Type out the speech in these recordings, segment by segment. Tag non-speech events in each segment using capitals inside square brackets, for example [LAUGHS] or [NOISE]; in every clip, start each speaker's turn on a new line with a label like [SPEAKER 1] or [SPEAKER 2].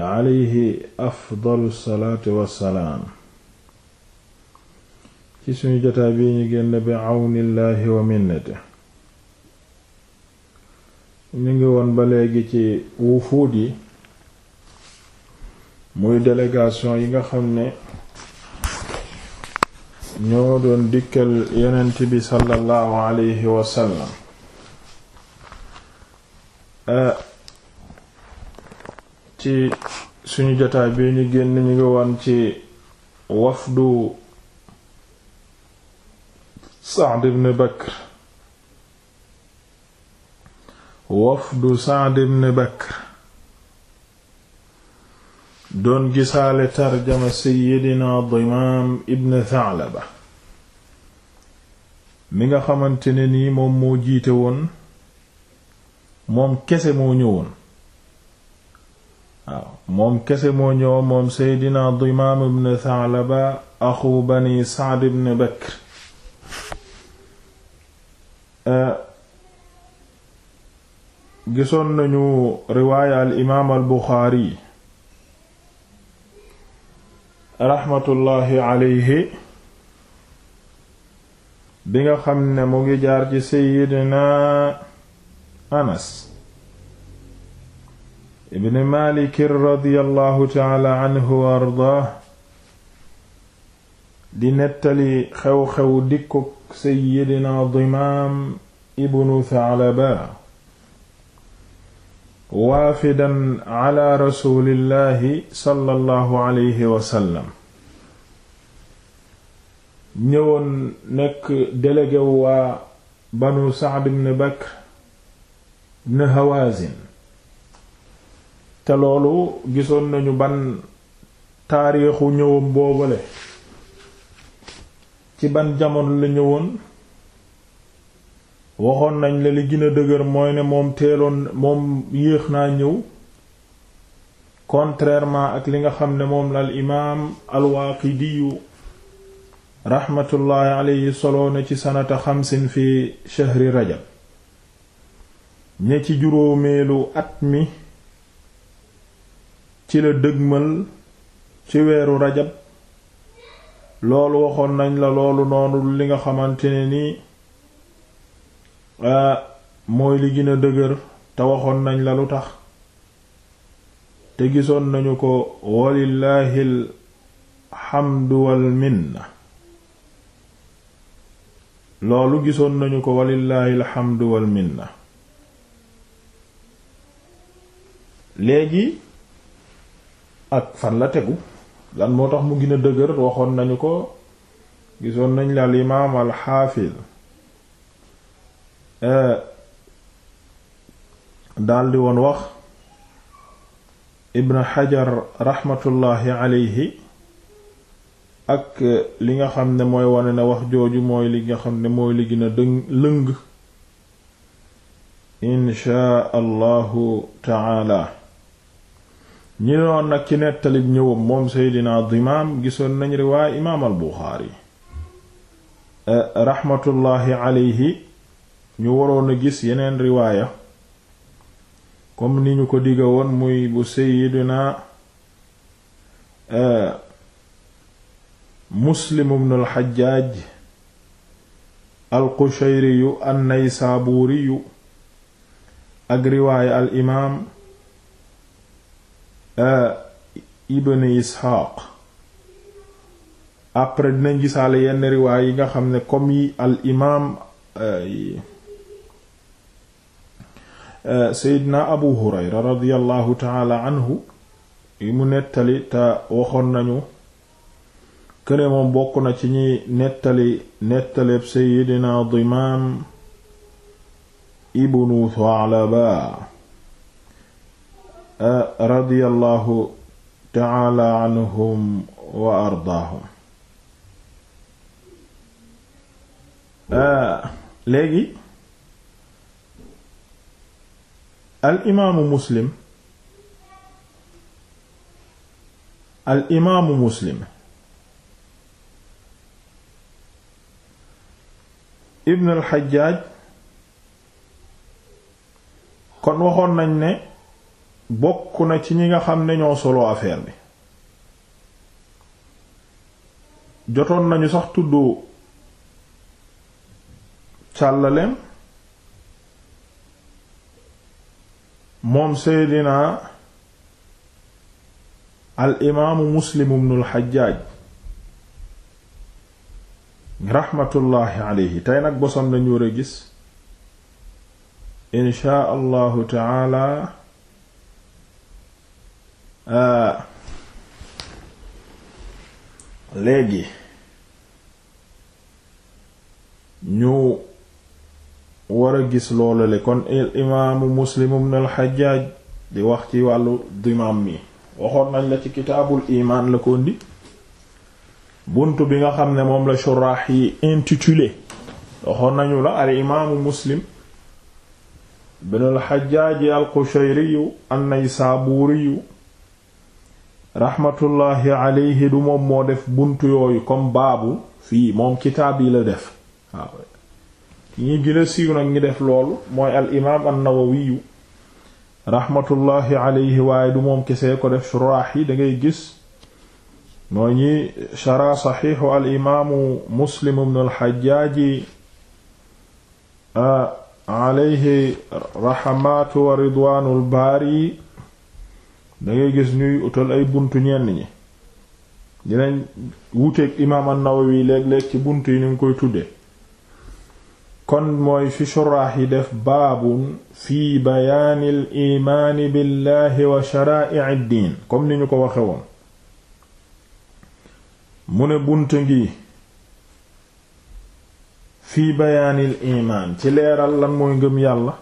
[SPEAKER 1] alayhi afdalu salaati wassalaam ci suñu jotaa bii ñu génn bi àwnillaahi wa minnati ñu ngi woon ba léegi ci wufuud yi muy délégation yi nga xam ne ñoo doon dikkal yonent bi sallallahu alayhi wa ci suñu jotaay bi ñu génn ñu ngi woon ci wafdu du ibn Bakr wafdu doon gisaale tarjama Seydina Dimaam ibn Tha'laba mi nga xamante ne nii moom moo jiite woon moom kese moo ñëwoon moom kese moo ñëw moom seydina dimaam ibn thalaba axu bani saad ibn bakr eh, gisoon nañu riwaaya al imaam al buxaari raxmatullaahi aleyhi bi nga xam ne mu ngi jaar ci seydina anas ibn Maalik radiyallahu taala anhu wa ardaah di nettali xew-xew dikkuk Seydina Dimaam ibnu Thalaba waafidan ala rasulillahi sallallahu alayhi wa sallam ñëwoon nekk délégué waa banu Sa'd ibn Bakr ibn Hawaazin te loolu gisoon nañu ban taarixu ñëwam boobale ci ban jamono la ñëwoon waxoon nañ la li gën dëgër mooy ne moom teeloon moom yéex naa ñëw contrairement ak li nga xam ne moom la al imaam alwaaqidiyu raxmatullaahi alayhi soloo na ci sanata xamsin fi chahri rajab ne ci juróomeelu at mi ci la dëgmal ci weeru rajab loolu waxoon nañ la loolu noonu li nga xamante ne nii euh, mooy li gën a dëgër te waxoon nañ la lu tax te gisoon nañu ko walillahi alxamdu wal minna loolu gisoon nañu ko walillahi alxamdu wal minna léegi ak fan la tegu lan moo tax mu gën a dëgër waxoon nañu ko gisoon nañ la al imaam al daldi woon wax ibn xajar raxmatullaahi aleyhi ak li nga xam ne mooy wane ne wax jooju mooy li nga xam ne mooy li dëng lëng inchaa allahu taala ñi noon nag ci nettalib ñëwam moom seydina dimaam gisoon nañ riwaay imaam al buxaari eh, raxmatullaahi aleyhi ñu waroon a gis yeneen riwaaya kom ni ñu ko digga woon muy bu seydina eh, muslim ibn al xajjaaj al qushayriyu an naysaabuuriyu ak riwaaya al imaam Euh, ibn isxaaq après dinañ gisaale yenn riwaay yi nga xam ne comme yi al imaam euh, euh, seydna abu hurayra radiallahu taala anhu yi mu nettali te waxoon nañu këne bokk na ci ñi nettali nettaleeb seydna dimaam ibnu Tha'laba Eh, radiyallahu taala anhum wa ardaahum eh, léegi al imaamu muslim al imaamu muslim ibn al xajjaaj kon waxoon nañ ne bokk na ci ñi nga xam ne ñoo solo affaire bi jotoon nañu sax tudd càllaleem moom seydina al imaamu muslim ibnul xajaaj raxmatullaahi aleyhi tey nag bosam lañu war a gis inshaa allahu Euh, léegi ñu war a gis loolale kon imaamu muslim ibn al di wax ci wàllu dimaam mi waxoon nañ la ci kitaabul imaan la ko ndi bunt bi nga xam ne moom la shuraax yi intitulé waxoon nañu la al imaamu muslim ibn al-Hajjaj al-Qushayri an-Naysaburi raxmatullaahi du moom moo def bunt yooyu comme baabu fii moom kitaab yi la def waaw ki ñi gën a siiw nag ñi def loolu mooy al imaam an-Nawawiyu raxmatullaahi waaye du moom kesee ko def shuraax dangay gis mooy ñi shara saxiixu al imaamu Muslim ibn al-Hajjaaj ah, alayhi raxmaatu wa ridwaanul baari dangay gis ñuy utal ay buntu ñenn ñi dinañ wuuteeg imaam an-Nawawi léeg-léeg ci bunt yi ni mu koy tudde kon mooy fi shuraax yi def baabun fi bayaani al imaani billahi wa sharaa'i ad-diin comme ni ñu ko waxe woon mu ne buntu ngi fi bayaanil imaan ci leeral lan yàlla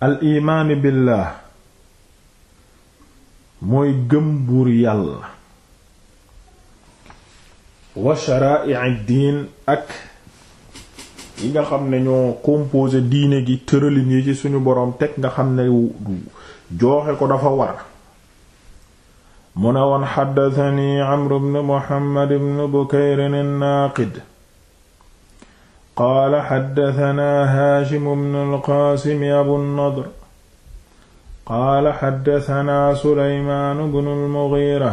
[SPEAKER 1] al mooy gëm buur yàlla wa sharaa'i diin ak yi nga xam ne ñoo composé diine gi tëralin yi ci suñu boroom teg nga xam ne jooxe ko dafa war mu ne woon xaddatani amru bnu muhammad bnu bukayrin annaaqid qaala xaddatana haashim bnu alqaasimi abu nadr qaala xaddatanaa suleymaanu bnu lmugira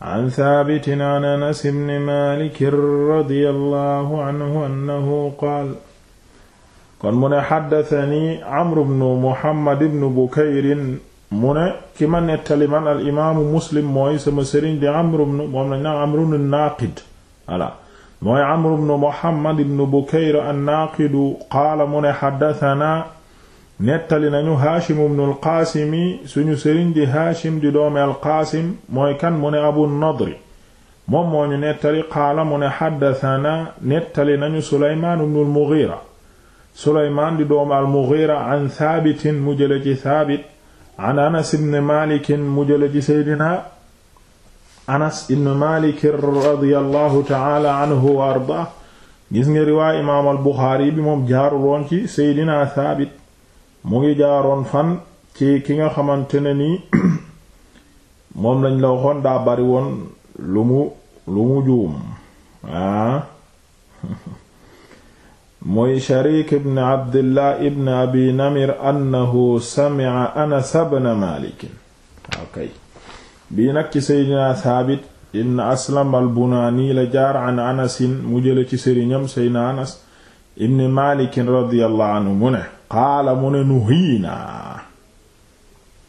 [SPEAKER 1] an thaabitin an anas bni maalikin radiallahu anhu annahu qaal kon mu ne xaddatani amru bnu muhammad bnu bukayrin mu ne ki ma nettali man al imaamu muslim mooy sama sëriñ di amru bnu moom lañ naan amru bnu naaqid voilà mooy amru bnu muhammad bnu bukayr an naaqidu qaala mu ne xaddatanaa nettali nañu haashim ibnu alqaasimi suñu sëriñ di haashim di doomi alqaasim mooy kan mu abu nadri moom moo nettali qaala mu ne xaddatanaa nettali nañu suleymaan ibnu almughira suleymaan di doomi almughira an thaabitin mu jële ci an anas ibn malikin mu seydina anas ibn malikin radiyallahu taala anhu wa arda gis nga imaam albuxaari bi moom jaaruloon ci seydina thaabit mu ngi jaaroon fan ci ki nga xamante ne ni [CLEARS THROAT] moom lañ la waxoon daa bari woon lu mu lu mu juum ah. [LAUGHS] mooy sharik ibn abdillah ibn abi namir annahu sami'a anas ibn malik bii nag ci seydina saabit ibn aslam al bunaani la jaar anasin mu jële ci sëriñam seydina anas ibn malikin radiyallahu anhu mu ne qaala mu ne nuhiina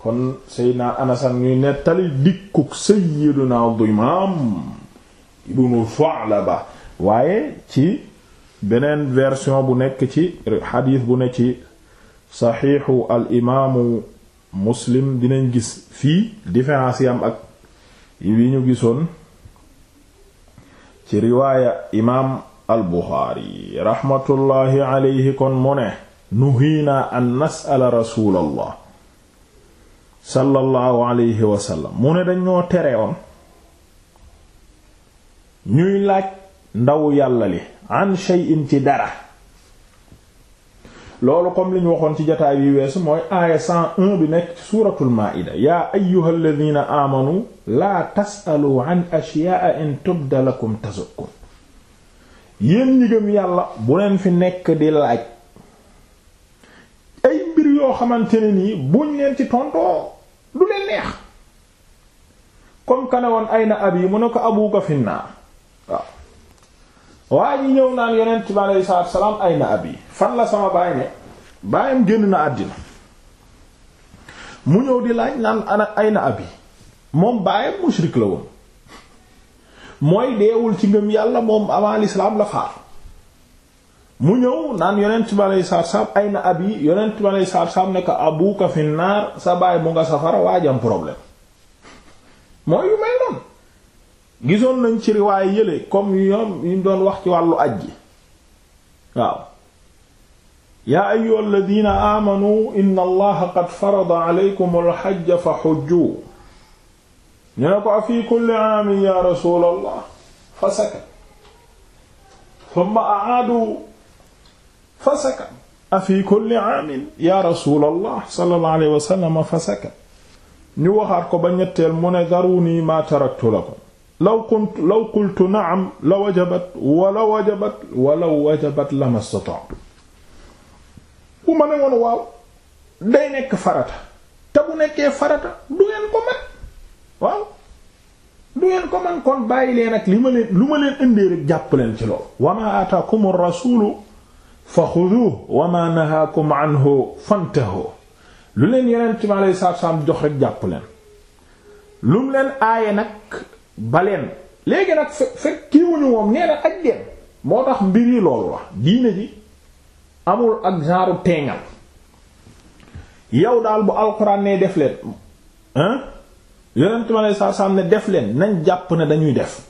[SPEAKER 1] kon seydina anas ñuy nettali dikkuk sayyiduna dimaam ibnu Sa'laba waaye ci beneen version bu nekk ci xadiis bu ne ci saxiixu al muslim dinañ gis fii différence yi am ak yi ñu gisoon ci riwaaya imaam al Buxaari raxmatullaahi alayhi kon mu ne nuhiina an nasala rasulallah sallallahu alayhi wa mu ne dañoo tere woon ñuy laaj ndaw yàlla li an shay'in ci dara loolu comme li waxoon ci jataay bi weesu mooy aaya 101 bi nekk ci suuratul maa'ida yaa ayyuha aamanu laa tasalu an ashya'a in tubda lakum tasukum yéen ñi yàlla bu leen fi nekk di laaj ay mbir yoo xamante ne nii buñ leen ci tontoo du leen neex comme que ne woon ay na ab yi mu ne ko abuka naa waaw waa ji ñëw naan yonent bi aleyhi salaatu salaam ay na ab yi fan la sama baay ne baayam génn na àddina mu ñëw di laaj naan ana ay na ab yi moom baayam mushrik la woon mooy deewul ci ngëm yàlla moom avant lislaam la faar mu ñëw naan yonent bi aleyhi salaatu salaam ay na ab yi yonent bi aleyhi salaatu salaam ne fi naar sa baay mu nga safara waajam problème mooy yu mel noonu gisoon nañ ci riwaay yële comme yi doon wax ci wàllu aj ji waaw yaa ayyuha alladina aamanu inna allaha qad farada aleykum alxajja fa xujju ñu ne ko afi kulli aamin ya rasul fa sakat thumma aadu fa sakat afi kulli aamin ya rasulallah sallallahu alayhi wa sallam fa ñu waxaat ko ba ñetteel mu ne ma taraktu lakum law qultu naam la wajabat wala wajabat walaw wajabat la mastata'tu bu ma ne woon day nekk farata te nekkee farata du ko man waaw du ko man kon bàyyi leen lu ma leen indee leen ci lool wa ataakum ar-rasulu fa xuduuhu wa maa nahaakum anhu fantahuu lu leen yonent bi alayhi salaatu jox rek jàpp leen lu mu leen aaye nag baleen léegi nag fe fekk kii wuñu moom nee na aj leen moo tax mbir yi loolu la diine ji amul ak genre teengal yow daal bu alxuraan nee def leen hein yonent bi alayhi salaatu ne def leen nañ jàpp ne dañuy def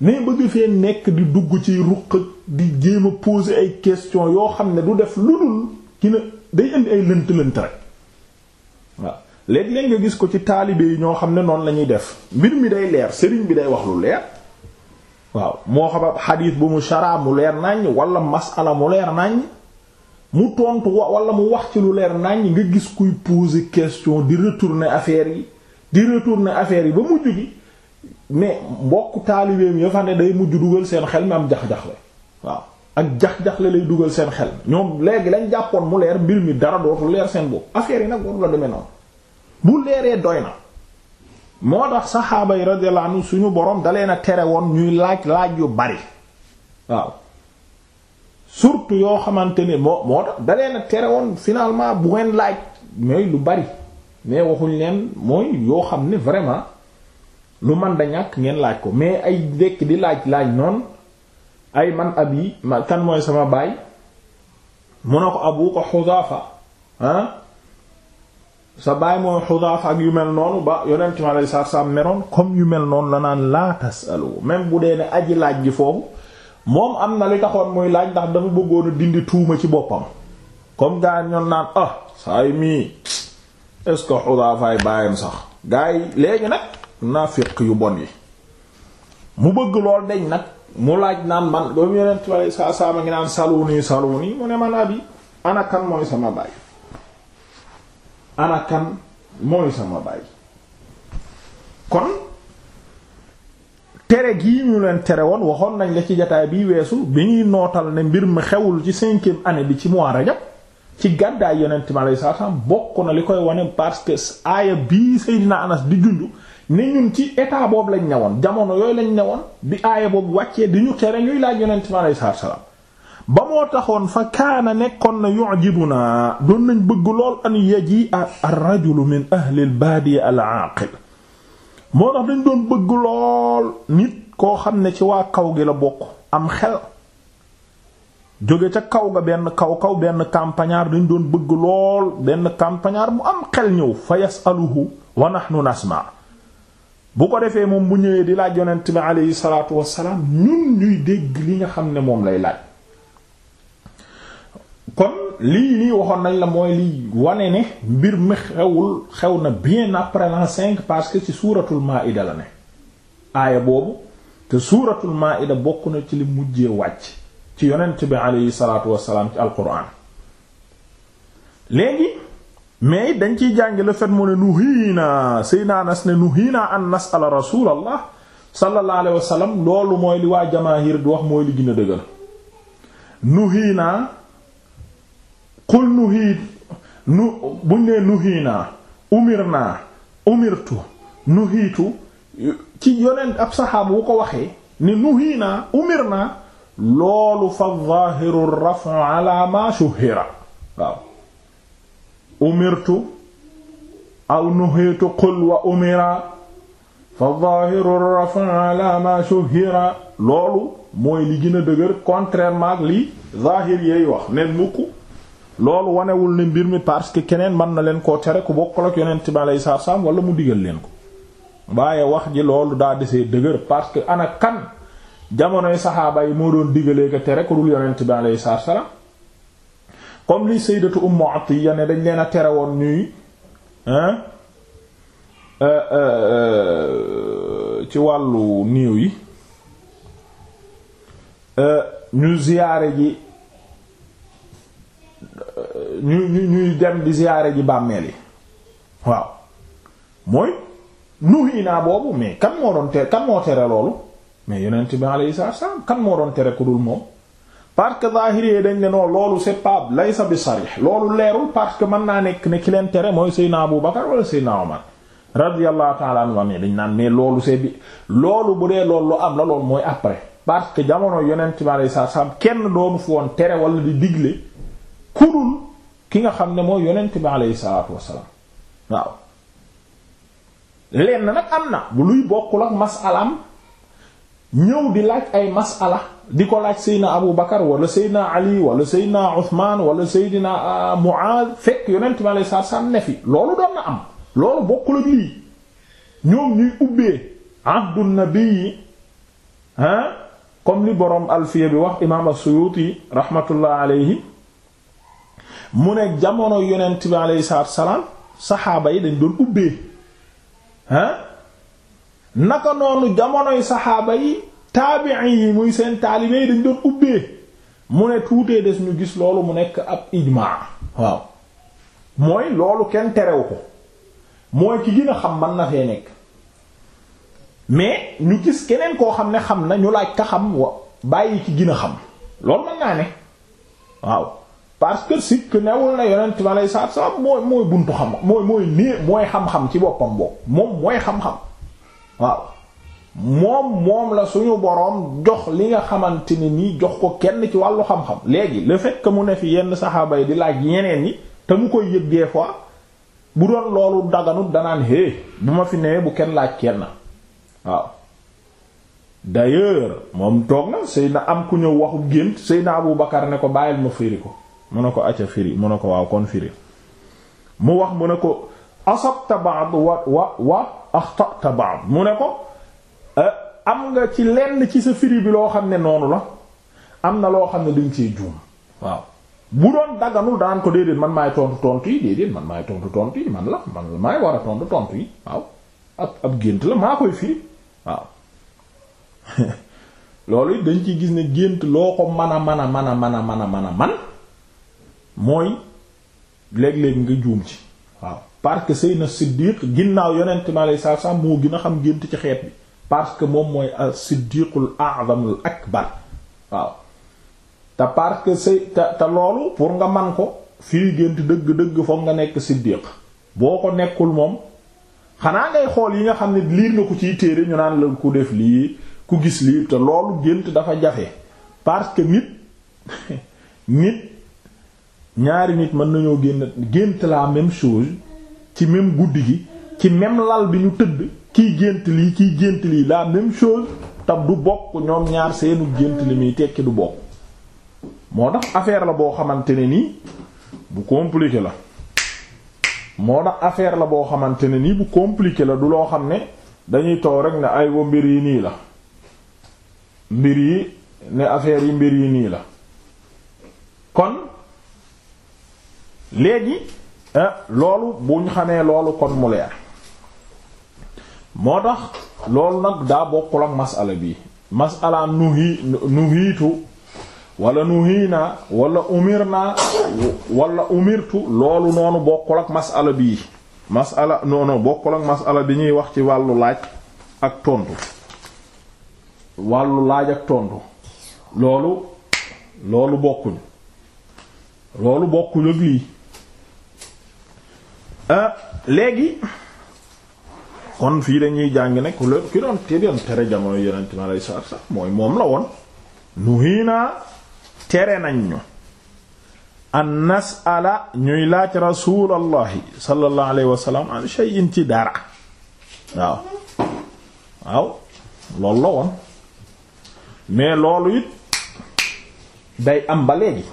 [SPEAKER 1] mais bëgg fee nekk di dugg ci ruq di jéem a poser ay questions yoo xam ne du def lu dul ki na day indi ay lënt-lënt rek waaw léeg-léeg nga gis ko ci taalibe yi ñoo xam ne noonu la ñuy def mbir mi day leer sëriñ bi day wax lu leer waaw moo xam xadiis bu mu sharaa mu leer nàññ wala masala mu leer naññ mu tontu wala mu wax ci lu leer nàññ nga gis kuy poser question di retourner affaire yi di retourner affaire yi ba mujj gi. mais mbokk taalibeem ya fa ne day mujj dugal seen xel mi am jax-jaxle waaw ak jax-jaxle lay dugal seen xel ñoom léegi lañ jàppoon mu leer mbir mi dara dootul leer seen bopp affaire yi nag waru la demee noonu bu leeree doy moo tax saxaaba yi radiyallahu anhu suñu borom da leen a tere woon ñuy laaj laaj yu bari waaw surtout yoo xamante ni moo moo tax da leen tere woon finalement bu ngeen laaj mooy lu bari mais waxuñ leen mooy yoo xam ne vraiment. lu man da ñàkk ngeen laaj ko mais ay dékk di laaj laaj noonu ay man ab yi kan mooy sama baay mu ne ko abu ko xudaafa ah? ak yu mel noonu ba yonent ma lay saar sa meroon comme yu mel noonu la naan laa tasalu même bu dee ne aji laaj gi foofu moom am na li taxoon muy laaj ndax dafa bëggoon a dindi tuuma ci boppam comme gaa yi ñoon naan ah saa yi mii est ce baayam sax gaa yi léegi nag naafiq yu bon yi mu bëgg lool deñ nag mu laaj naan man ba mu yeneen tubaab saa saa ma ngi naan saluni saluni mu ne man abi anakan mooy sama baay anakan mooy sama baay kon tere gii ñu leen tere woon waxoon nañ la ci jataay bi weesu bi ñuy nootal ne mbir mi xewul ci cinquième année bi ci mois rajab ci gàddaay yonent mi alayhi salaam bokk na li koy wane parce que aaya bii Seydina Anas di junju ne ñun ci état boobu lañ newoon jamono yooyu lañ newoon bi aaya boobu wàccee di ñu tere ñuy laaj yonent bi aleyhi salaatu salaam ba moo taxoon fa kaana nekkoon na yu'jibuna doon nañ bëgg lool an yaji ar-rajulu min ahli al-baadiya al-aaqil moo tax dañ doon bëgg lool nit koo xam ne ci waa kaw gi la bokk am xel jóge ca kaw ga benn kaw kaw benn campagnard dañ doon bëgg lool benn campagnard mu am xel ñëw fa yasaluhu wa nahnu nasma bu ko defee moom bu ñëwee di laaj yonent bi aleyhi salaatu wassalaam ñun ñuy dégg li nga xam ne moom lay laaj kon lii nii waxoon nañ la mooy li wane ne mbir mi xewul xew na bien après l'an cinq parce que ci suuratul maa'ida la ne aaya boobu te suuratul maa'ida bokk na ci li mujjee wàcc ci yonent bi aleyhi salaatu wassalaam ci alquran léegi mais dañ ciy jàngi le fait mu ne nuhiina sayna Anas ne nuhiina an nasala rasulallah sallallahu alayhi loolu mooy li waa jamaahir di wax mooy li gën a dëggal nuhiina qul nuhi nu buñ ne nuhiina umirna umirtu nuhiitu ci yonent ab saxaaba wu ko waxee ne nuhiina umirna loolu fa zaahiru rafu ala ma waaw umirtu aw nuhitu qul wa umira fa zahiru rafa ala ma shuhira loolu mooy li gën a dëgër contrairement li zahir yeey wax neen mukk loolu wanewul ne mbir mi parce que keneen mën na leen ko tere ku bokkul ak yonent bi alayhi salaatu mu digal leen ko waaye wax ji loolu daa desee dëgër parce que ana kan jamonoy saxaaba yi moo doon digalee ko tere ku dul yonent bi alayhi comme li sayyidatu Ummu Atiya ne dañ leen a tere woon ñuy euh, euh, ci wàllu niiw yi euh, ñu ziyaare ji ñu ñu ñuy dem di ziyaare ji bàmmeel yi waaw mooy nuhi naa boobu mais kan moo doon tere kan moo tere loolu mais yonent bi alayhi salaam kan moo doon tere ku dul moom parce que zahiri dañ ne non loolu c'est pas laysa bi sarih loolu leerul parce que mën naa nekk ni ki leen tere mooy Seydina Abu Bakar wala Seydina Omar radiyallahu ta'ala anhu amee dañ naan mais loolu c'est bi loolu bu dee am la mooy après parce que jamono yonent bi alayhi salaam kenn doonu fu woon tere wala ki nga xam ne mooy yonent bi alayhi salaatu wassalaam am na bu luy bokkul ak masalaam ñëw di laaj ay masala di ko laaj seydna Abu Bakar wala seydna Ali wala seydna Uthman wala seydina euh, Muaaz fekk yonent mi alei saatu salaam ne fi loolu doon na am loolu bokkul ak lii ñoom ñuy ubbee ahdu nabii ah comme li boroom alfiya bi wax imaam as yi rahmatullah alayhi mu ne jamono yonent bi aleyhi salaatu salaam saxaaba yi dañ doon ubbee ah naka noonu jamonoy saxaaba yi taabi'i yi muy seen taalibe yi dañ doon ubbee mu ne tuutee des ñu gis loolu mu nekk ab ijmaa waaw mooy loolu kenn terewu ko mooy ki gën xam man na fee nekk mais ñu gis keneen koo xam ne xam na ñu laaj ka xam bàyyi ki gën xam loolu mën naa ne waaw parce que sikk newul na yonent ma lay saat saat mooy mooy buntu xam mooy mooy nee mooy xam-xam ci boppam bopp moom mooy xam-xam waaw moom moom la suñu boroom jox li nga xamante ne nii jox ko kenn ci wàllu xam-xam léegi le fait mu ne fi yenn saxaaba yi di laaj yeneen yi te mu koy yëg des fois bu doon loolu daganut danaan hé bu ma fi nee bu kenn laaj kenn waaw d'ailleurs moom toog na Seydina am ku ñëw waxu gént sëy Abu Bakar ne ko bàyyil ma firi ko mu ne ko acca firi mu ne ko kon firi mu wax mu ne ko asabta ba'd wa wa wa axtata ba'd mu ne ko Euh, am nga ci lenn ci sa firi bi loo xam ne noonu la am na loo xam ne dañ cee juum waaw bu doon daganul daan ko déedéet man maay tontu man maay tontu tontu yi man la man la maay war a tontu tontu yi waaw ab ab gént la maa koy firi waaw [LAUGHS] loolu dañ ci gis ne gént loo ko mën a mën a mën a mën a mën a mën a man mooy léeg-léeg nga juum ci waaw parce que Seydina Siddiq ginnaaw yonent mi alayhi salaam moo gën a xam gént ci xeet bi parce que moom mooy as-siddiqul a'zamul akbar waaw te parce que say te te loolu pour nga man ko fii gént dëgg-dëgg foog nga nekk siddiq boo ko nekkul moom xanaa ngay xool yi nga xam ne liir nga ko ciy téere ñu naan la ku def lii ku gis lii te loolu gént dafa jafe parce que nit [LAUGHS] nit ñaari nit mën nañoo génn gént la même chose ci même guddi gi ci même lal bi ñu tëdd kii gént lii kii gént lii la même chose tam du bokk ñoom ñaar seenu gént li muy tekki du bokk moo tax affaire la boo xamante ne nii bu compliqué la moo tax affaire la boo xamante ne nii bu compliqué la du loo xam ne dañuy toog rek ne ay wa mbir yi nii la mbir yi ne affaire yi mbir yi nii la kon léegi ah, loolu buñ xamee loolu kon mu leer moo tax loolu nag daa bokkul ak masala bi masala nuhi nuhiitu wala nuhiina wala umirna wala umirtu loolu noonu bokkul ak masala bi masala noonu bokkul ak masala bi ñuy wax ci wàllu laaj ak tontu wàllu laaj ak tontu loolu loolu bokkuñ loolu bokkuñ ak lii euh, léegi kon fii dañuy jàng ne ku ki doon tere jamono yonent mi alayhi salaatu salaam mooy moom la woon nuhiina tere nañ ñu an nasala ñuy laaj rasulallahi sallallahu alayhi wa sallam an ci dara waaw waaw loolu la woon mais loolu it day am ba léegi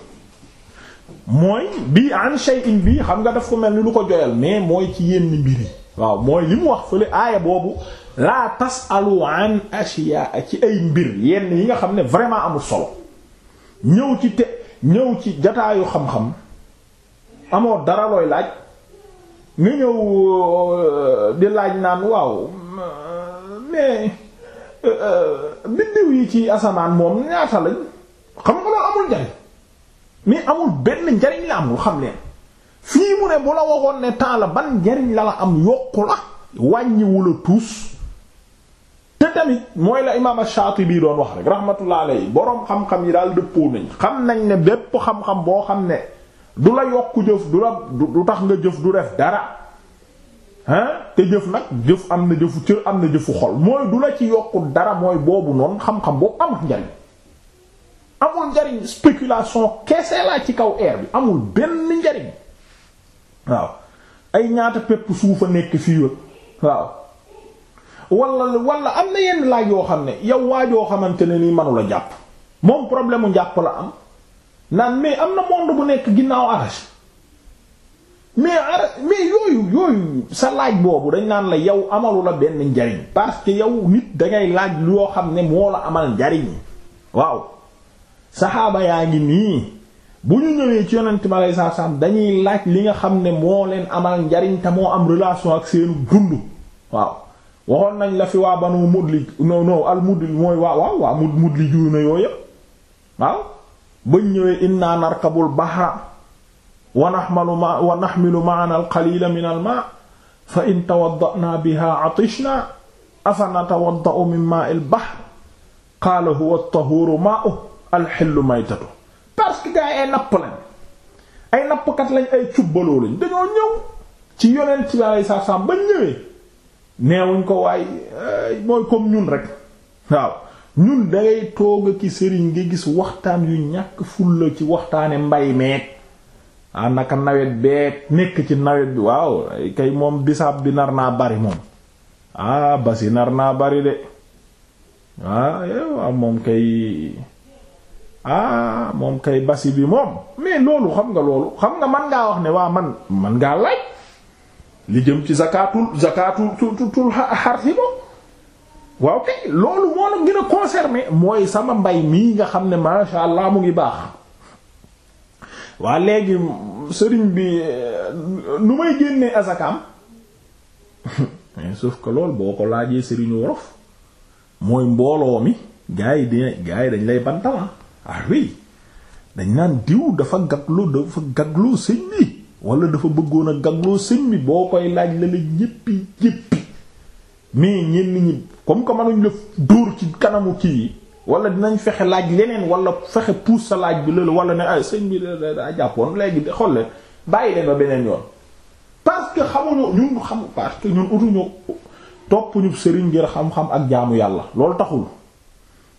[SPEAKER 1] mooy bii an shay'in bii xam nga daf ko mel ni lu ko joyal mais mooy ci yenn mbir waaw mooy li mu wax fële aaya boobu laa tasalu an ashiya ci ay mbir yenn yi nga xam ne vraiment amul solo ñëw ci te ñëw ci jataayu xam-xam amoo dara looy laaj nga ñëw euh, di laaj naan waaw mais euh, biddiw yi ci asamaan moom ñaata lañ xam nga loolu amul njariñ mais amul benn njariñ la amul xam leen fii mu ne bu la waxoon ne temps la ban njariñ la la am yokku la wàññiwu la tuus te tamit mooy la imaam Shaatibi doon wax rek boroom xam-xam yi daal dëppoo nañ xam nañ ne bépp xam-xam boo xam ne du la yokku jëf du la du tax nga jëf du def dara hein te jëf nag jëf am na jëfu cër am na jëfu xol mooy du la ci yokku dara mooy boobu noonu xam-xam boobu amul njariñ amul njariñ spéculation kese laa ci kaw air bi amul benn njariñ waaw ay ñaata pepp suufa nekk fii waaw wala wala am na yenn laaj yoo xam ne yow waajoo xamante ne ni manula jàpp moom problème mu jàpp la am naan mais am na monde bu nekk ginnaaw arrêté mais arrêté mais yooyu yooyu sa laaj boobu dañ naan la yow amalu la benn njariñ parce que yow nit dangay laaj loo xam ne moo la amal njariñ waaw saxaaba yaa ngi nii bu ñu ñëwee ci yonent mi alayhi salaam dañuy laaj li nga xam ne moo leen amal njariñ te am relation ak seenu dund waaw nañ la fi waa banu waaw waa mud mudli juu yooyu yëpp waaw bañ ñëwee inna narkabul bahra wa nahmalu ma wa fa in tawadda'na biha atishna afa natawadda'u min ma'il bahr qala huwa at-tahuru ma'u al hillu maytatu parce que gars yi ay napp lañ ay nappkat lañ ay cubbaloo lañ dañoo ñëw ci yonent ci lay sa sam ba ñëwee neewuñ ko waaye mooy comme ñun rek waaw ñun dangay toog ki sëriñ nga gis waxtaan yu ñàkk fulla ci waxtaane mbay meeg ah naka nawet beeg nekk ci nawet bi waaw kay moom bisaab bi nar naa bari moom ah basi nar naa bari de waaw ah, ah, moom kay ah moom kay basi bi moom mais loolu xam nga loolu xam nga man ngaa wax ne waa man man ngaa laaj li jëm ci zakatul zakatul tutul xar si bo waaw kay loolu moo la gën a mooy sama mbay mii nga xam ne masha Allah mu ngi baax waa léegi sëriñ bi nu may génnee azakam [LAUGHS] mais sauf que loolu boo ko laajee sëriñu wolof mooy mbooloo mi gars yi di gars yi dañ lay bantalan ah. ah dañ naan diw dafa gaglu dafa gagloo sëñ bi wala dafa bëggoon a gagloo sëñ bi boo koy laaj la la ñéppi ñéppi mais ñenn ñi comme que mënuñ la dóor ci kanamu kii yi wala dinañ fexe laaj leneen wala fexe puus sa laaj bi loolu wala ne ay ah, sëñ bi daa jàppoon léegi de xool leen bàyyi leen ba beneen yoon parce que xamuñu ñun xam parce ñun utuñu topp ñu sëriñ ngir xam-xam ak jaamu yàlla loolu taxul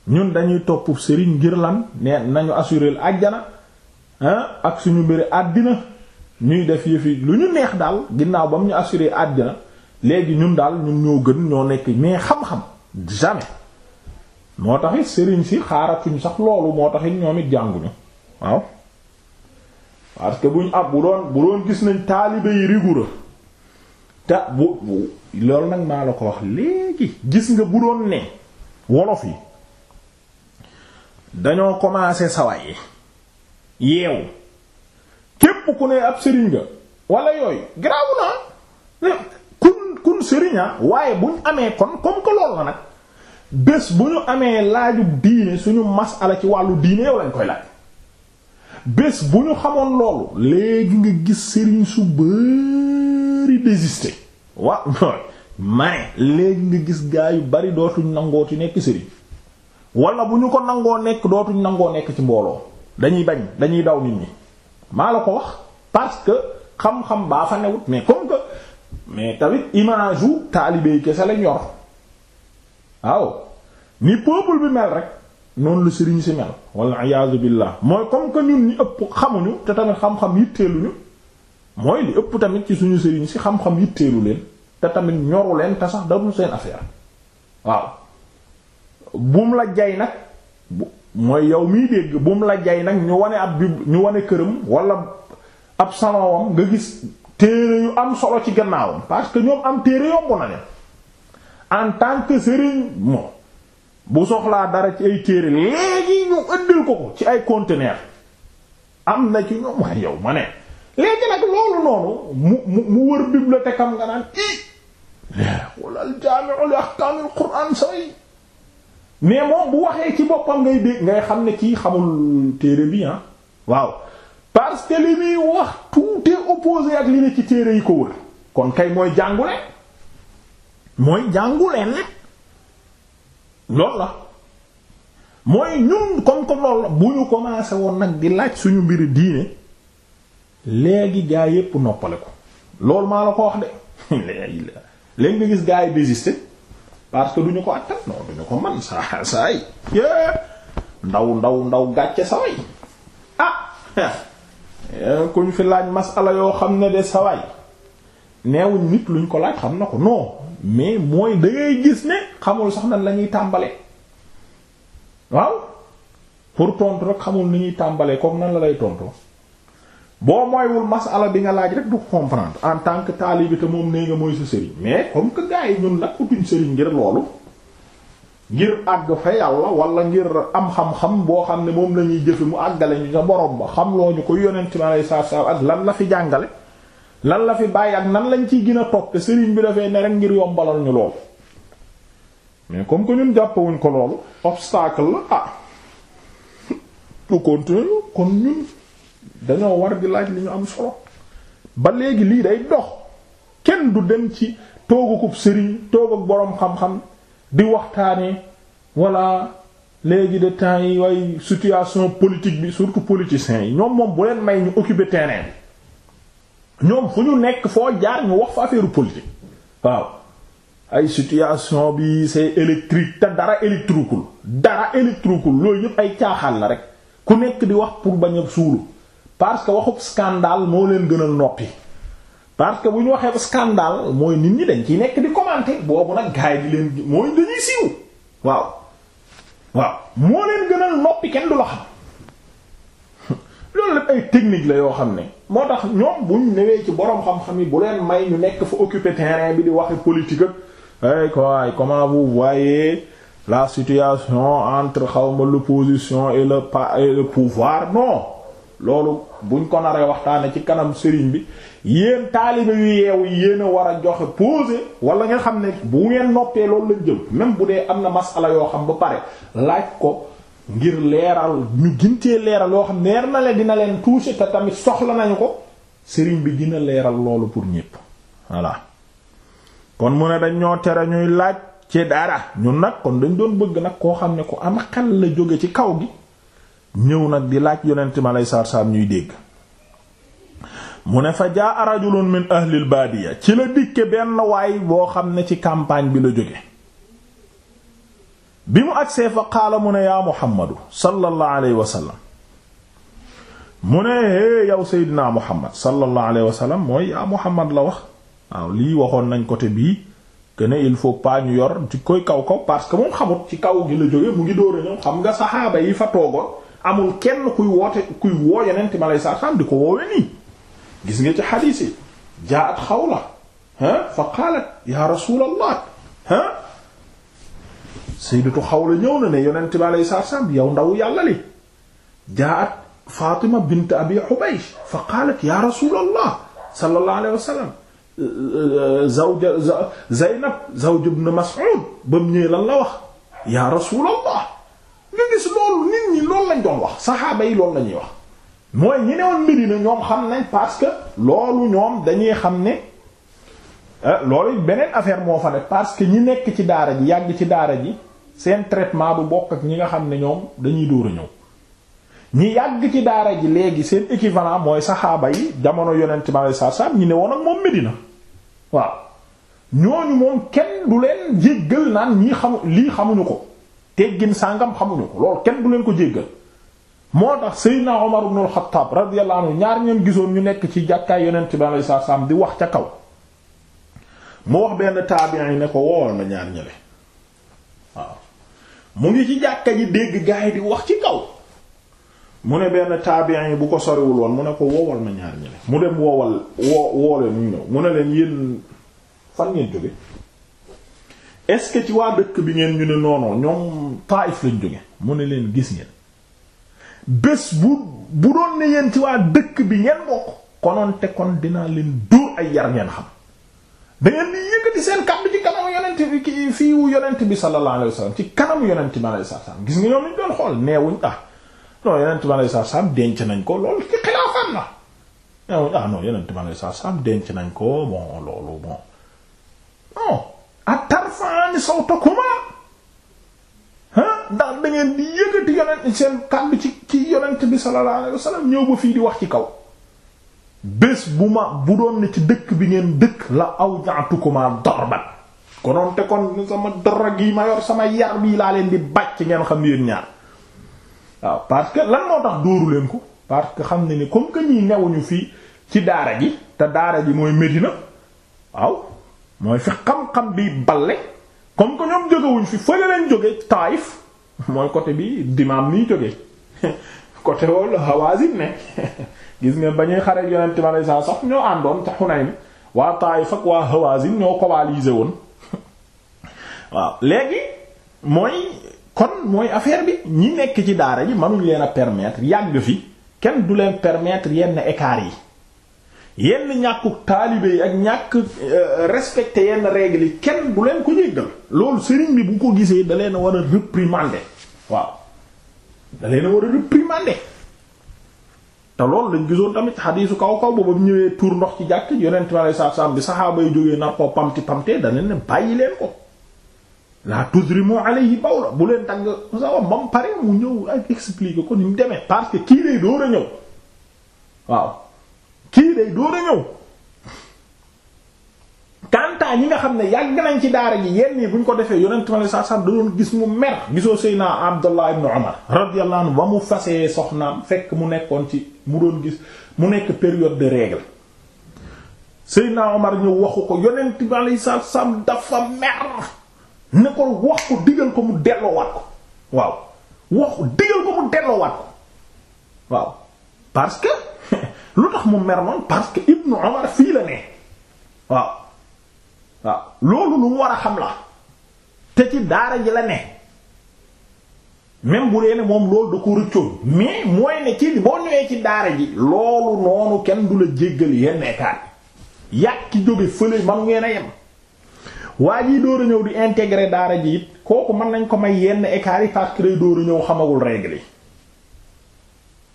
[SPEAKER 1] ñun dañuy topp sëriñ ngir lan ne nañu assurél àjjana ah ak suñu mbiri àddina ñuy def yëfi lu ñu neex daal ginnaaw ba mu ñu assuré àddina léegi ñun daal ñun ñoo gën ñoo nekk mais xam-xam jamais moo taxit sëriñ si xaaratuñ sax loolu moo taxit ñoom jànguñu waaw parce que buñ ab ah, bu doon bu doon gis nañ taalibe yi rigoureux te bu bu loolu nag maa la ko wax léegi gis nga bu doon ne wolof yi dañoo commencé sawaye yeewu képp ku ne ab sëriñ nga wala yooyu garaawu naa kun kun sëriña waaye buñ amee kon comme que lool la nag bés bu ñu amee laaju diine suñu masala ci wàllu diine yow lañ koy laaj bés bu ñu xamoon loolu léegi nga gis sëriñ su bari désister waaw [LAUGHS] mane léegi nga gis gaa yu bari dootuñ nangooti nekk sëriñ wala bu ñu ko nangoo nekk dootuñ nangoo nekk ci mbooloo dañuy bañ dañuy daw nit ñi maa la ko wax parce que xam-xam baa fa newut mais comme que mais tamit image u taalibe kese lañ yor waaw ni peuple bi mel rek noonu lu sëriñ si mel walla iyaazu billaah mooy comme que nit ñi ëpp xamuñu te tamit xam-xam yitteeluñu mooy li ëpp tamit ci suñu sëriñ si xam-xam yitteelu leen te tamit ñoru leen te sax darul seen affaire waaw bum la jay nag mooy yow miy dégg bum la jay nag ñu wane ab ñu wane këram wala ab salowam nga gis téere yu am solo ci gannaawam parce que ñoom am téere yomb na en tant que sëriñ mo bu soxlaa dara ci ay téere léegi ñu ëndil ko ko ci ay conteneur am na ci ñoom waaye yow ma ne léegi nag loolu noonu mu mu wër bibliothèque am nga naan i wala al jaami'u li ahkaamil qur'aan say mais moom bu waxee ci boppam ngay dégg ngay xam ne kii xamul téere bi ah waaw parce que li muy wax tout est ak li ne ci téere yi ko wër kon kay mooy jàngule mooy jànguleen loolu la mooy ñun comme comme loolu la bu ñu commencé woon nag di laaj suñu mbiri diine léegi gaa yépp noppale ko loolu maa la ko wax de [LAUGHS] léegi nga gis gaa yi désister parce que du ñu ko attan non du ñu ko man saa saa yi ndaw ndaw ndaw gàcce saway ah eh, ku ñu fi laaj masala yoo xam ne de saway neewuñ nit luñ ko laaj xam na ko non mais mooy da gis ne xamul sax nan la ñuy tàmbalee waaw pour tontu rek xamul ni ñuy tàmbalee comme nan la lay tontu boo mooywul ala bi nga laaj rek du comprendre en tant que taalibe te moom nee nga mooy sa sëriñ mais comme que gars yi ñun nag utuñ sëriñ ngir loolu ngir àgg fa yàlla wala ngir am xam-xam boo xam ne moom la ñuy jëfe mu àggale ñu sa borom ba xam loo ñu ko yonent mi alayhi salaatu salaam ak lan la fi jàngale lan la fi bàyyi ak nan lañ ciy gën a topp te sëriñ bi dafay ne rek ngir yombalal ñu loolu mais comme que ñun jàppawuñ ko loolu obstacle la ah ñu [LAUGHS] continuer dañoo war di laaj li ñu am solo ba léegi lii day dox kenn du dem ci toogakub sëriñ toogak boroom xam-xam di waxtaane walla léegi de temps yi way situation politique bi surtout politiciens yi ñoom moom bu leen may ñu occuper terrain bi ñoom fu ñu nekk foo jaar ñu wax fa affaire waaw ay situation bi c'est électrique te dara électricul dara électricul loolu yëpp ay caaxaan la rek ku nekk di wax pour bañ a suulu parce que waxub scandale moo leen gënal noppi parce que bu ñu waxee scandale mooy nit ñi dañ ciy nekk di commenter boobu nag gaay di leen mooy moo leen gënal noppi kenn du la xam [LAUGHS] loolu lépp ay technique la yoo xam ne moo tax ñoom buñ newee ci boroom xam-xam yi bu leen may ñu nekk fa occuper terrain bi di waxe politique ak ay comment vous voyez la situation entre xawma l'opposition et le et le pouvoir non loolu buñ ko naree waxtaane ci kanam sëriñ bi yéen taalibe yu yeewu yéen a war a joxe poser wala nga xam ne bu ngeen noppee loolu lañ jëm même bu dee am na masala yoo xam ba pare laaj ko ngir leeral ñu gintee leeral yoo xam neer na leen dina leen toucher te tamit soxla nañu ko sëriñ bi dina leeral loolu pour ñépp voilà kon mu ne dañ ñoo tere ñuy laaj ci dara ñun nag kon dañ doon bëgg nag koo xam ne ku am xel la jóge ci kaw gi ñëw nag di laaj yonent ma lay saar saam ñuy dégg mu ne fa jaa rajulun min ahlil baadiya ci la dikke benn waay boo xam ne ci campagne bi la jóge bi mu agsee fa qaala mu ne yaa muhammadu sallallahu alayhi wa sallam mu ne hee yow seydinaa muhammad sallallahu alayhi wa mooy yaa muhammad la wax waaw lii waxoon nañ côté bii que il faut pas ñu yor ci koy kaw ko parce que moom xamut ci kaw gi la jóge mu ngi dóora ñoom xam nga saxaaba yi fa toogoon amul kenn kuy woote kuy woo yeneen ma lay saa di ko woowe gis nga ci xadiis yi jaat xawla ah fa ya rasulallah ah sayyidatu xawla ñëw na ne yonent bi alayhi salaatu salaam yow ndaw yàlla li jaat Fatima bint Abi Hubaysh fa qaalat ya rasulallah sallallahu alayhi wa sallam zawja Zaynab zawj ibn Mas'ud ba mu lan la wax ya nga gis loolu nit ñi loolu lañ doon wax saxaaba yi loolu la ñuy wax mooy ñi newoon Medina ñoom xam nañ parce que loolu ñoom dañuy xam ne ah, loolu beneen affaire moo fa ne parce ñi nekk ci daara ji yàgg ci daara ji seen traitement bu bokk ak ñi nga xam ne ñoom dañuy dóor a ñëw ñi yàgg ci daara ji léegi seen équivalent mooy saxaaba yi jamono yonent ma saa saa ñi ne woon ak moom Medina waaw ñooñu moom kenn du leen jéggal naan ñii xamu lii xamuñu ko teggin sàngam xamuñu ko loolu kenn du leen ko jéggal moo tax Seydina Omar ibn al-Khattab radiyallahu ñaar ñoom gisoon ñu nekk ci jàkkaay yonent bi alayhi salaam di wax ca kaw mu wax benn taabi'i ne ko woowal ma ñaar ñële waaw mu ngi ci jàkka ji dégg gaay di wax ci kaw mu ne benn taabi'i bu ko soriwul woon mu ne ko woowal ma ñaar ñële mu dem woowal woo woo leen ñu ñëw mu ne leen yéen fan ngeen jóge est-ce que ci waa dëkk bi ngeen ñu ne noonoo ñoom Taif lañ jóge mu ne leen gis ngeen bés bu bu doon ne yéen ci waa dëkk bi ngeen bokk kononte kon dinaa leen dóor ay yar ngeen xam da di yëkkati seen kàddu ci kanamu yonent bi ki fii wu yonent bi sallallahu ci kanamu yonent bi sallallahu alayhi gis nga ñoom ñu doon xool neewuñ ah non yonent bi sallallahu alayhi denc nañ ko loolu ci xilaafam la neewuñ ah non yonent bi sallallahu alayhi denc nañ ko bon loolu bon tarfa'ani sawtakumaa ndax da ngeen di yëkkati yonent seen kàddu ci ci yonent bi sallallahu alayhi wasallam ñëw ba fii di wax ci kaw bés bu ma bu doon ne ci dëkk bi ngeen dëkk la awja'tukumaa darban konoon te kon sama dara gi ma yor sama yar bii laa leen di bàcc ngeen xam yéen ñaar waaw parce que lan moo tax dóoru ko parce que xam ne ni comme que ñii newuñu fii ci daara ji te daara ji mooy Medina waaw mooy fi xam-xam bi bale comme que ñoom jógewuñ fi fële leen jóge Taif mooy côté bi dimaam nii jóge [LAUGHS] côté wala Hawazin ne [LAUGHS] gis nga bañuy xare yonent ma lay saa sax ñoo àndoon ca Hunayn waa Taif ak waa Hawazin ñoo coalisé woon [LAUGHS] waaw léegi mooy kon mooy affaire bi ñi nekk ci daara ji mënuñ leen a permettre yàgg fi kenn du leen permettre yenn écarts yi yenn ñàkkuk taalibe ak ñàkk euh, respecté yenn règles yi kenn du leen ko jéggal loolu sëriñ bi bu ko gisee da leen a war a réprimander waaw da leen war a réprimander te loolu dañ gisoon tamit xadiisu kaw kaw boobu ñëwee tuur ndox ci jàkk yonent mi alei satu salaam bi saxaaba yi jógee nar koo pamti pamtee da leen ne bàyyi leen ko la tudrimu alayhi bawla bu leen tàng sa mu pare mu ñëw ak expliquer ko ni mu demee parce que kii lay doo a ñëw waaw kii day door a ñëw kantaa ñi nga xam ne yàgg nañ ci daara gi yenn yi bu ñu ko defee yonent ma la saa saa gis mu mer gisoo Seydina Abdullah ibn Umar ba mu fasee soxnaam fekk mu nekkoon ci mu doon gis mu nekk période de règle Seydina dafa mer ne ko wax ko digal ko mu delloowaat ko waaw wax ko digal ko mu delloowaat ko waaw parce que lu tax mu mer parce que Ibnu Umar fii la ne waaw waaw loolu lu mu war a xam la te ci daara ji la ne même bu dee ne moom loolu da ko rëccoon mais mooy ne ci boo ñëwee ci daara ji loolu noonu kenn du la jéggal yenn écart yi yàq ki jóge fële man ngeen a yem waa jii door a ñëw di intégrer daara ji it kooku mën nañ ko may yenn écart yi parce que day a ñëw xamagul règle yi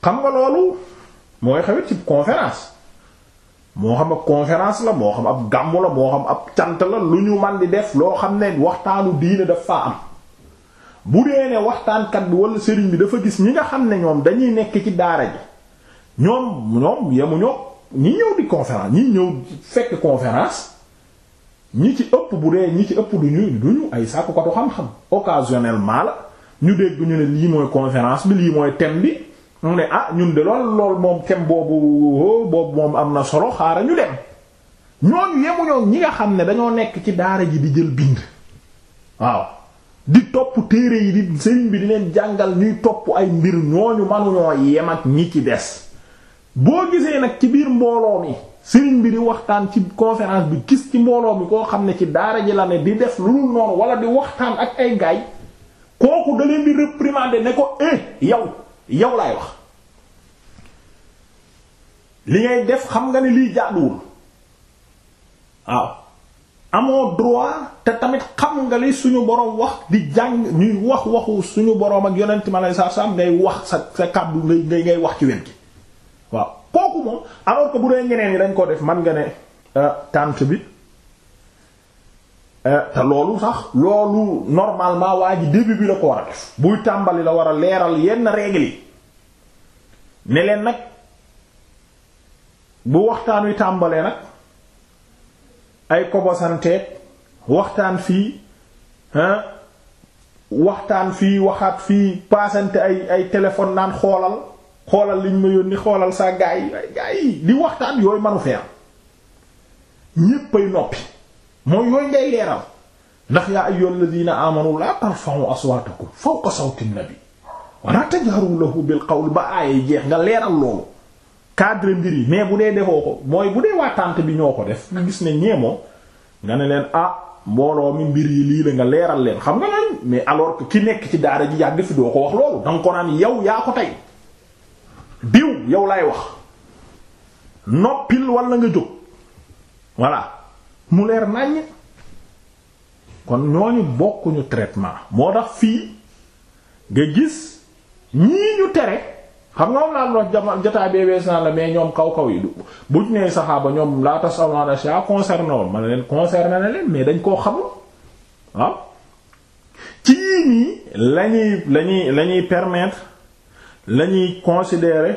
[SPEAKER 1] xam nga loolu. mooy xewet ci conférence moo xam ab conférence la moo xam ab gàmmu la moo xam ab cant la lu ñu man di def loo xam ne waxtaanu diine daf faa am bu dee ne waxtaankat bi wala sëriñ bi dafa gis ñi nga xam ne ñoom dañuy nekk ci daara ji ñoom ñoom yemuñoo ñi ñëw di conférence ñi ñëw fekk conférence ñi ci ëpp bu dee ñi ci ëpp du ñu ay sàkkukatu xam-xam occasionnellement la ñu dégg ñu ne lii mooy conférence bi lii mooy thème bi. mu ah ñun de lool lool moom thème boobu oh, boobu moom am na solo xaaral ñu dem ñooñu yemuñoo ñi nga xam ne dañoo nekk ci daara ji di jël bind waaw di topp téere yi di sëriñ bi di leen jàngal ñuy topp ay mbir ñooñu manuñoo yem ak ñi ci des boo gisee nag ci biir mbooloo mi sëriñ bi di waxtaan ci conférence bi gis ci mbooloo mi koo xam ne ci daara ji la ne di def lu noonu wala di waxtaan ak ay gaay kooku da leen di réprimander ne ko eh yow. yow laay wax li ngay def xam nga ne lii jaaduwul waaw amoo droit te tamit xam nga li suñu boroom wax di jàng ñuy wax waxu suñu boroom ak yonent ma lay sax sax ngay wax sa sa kàddu ngay ngay wax ci wet gi waaw kooku moom alors que bu dee ngeneen yi dañ koo def man nga ne euh, tànt bi Eh, te loolu sax loolu normalement waa ji début bi la ko war a def buy tàmbali la war a leeral yenn règle yi ne nag bu waxtaan wi tàmbalee nag ay kobosanteeg waxtaan fii waxtaan fii waxaat fii paasante ay ay téléphone naan xoolal xoolal liñ ma yónni xoolal saa gaay yi gaay yi di waxtaan yooyu manu fee am ñéppay noppi mooy yooyu ngay leeral ndax yaa ayyuhal ladina amanu la tarfa'u aswatakum fawqa sawti nabi wa la tajharu lahu bil qawl ba aaye jeex nga leeral loolu cadre mbir yi mais bu dee defoo ko mooy bu dee waa tànt bi ñoo ko def nga gis ne ñeemoo nga ne leen ah mbooloo mi mbir yi lii la nga leeral leen xam nga lan mais alors que ki nekk ci daara ji yàgg fi doo ko wax loolu danga ko naan yow yaa ko tey biw yow laay wax noppil wala nga jóg voilà mu leer naññ kon ñooñu bokkuñu traitement moo tax fii nga gis ñii ñu tere xam nga moom laa wax jama la mais ñoom kaw kaw yi buñ nee saxaaba ñoom laa tas amoon na concerné woon ma ne leen concerné na leen mais dañ koo xamul waaw ci yii nii lañuy lañuy lañuy permettre lañuy considérer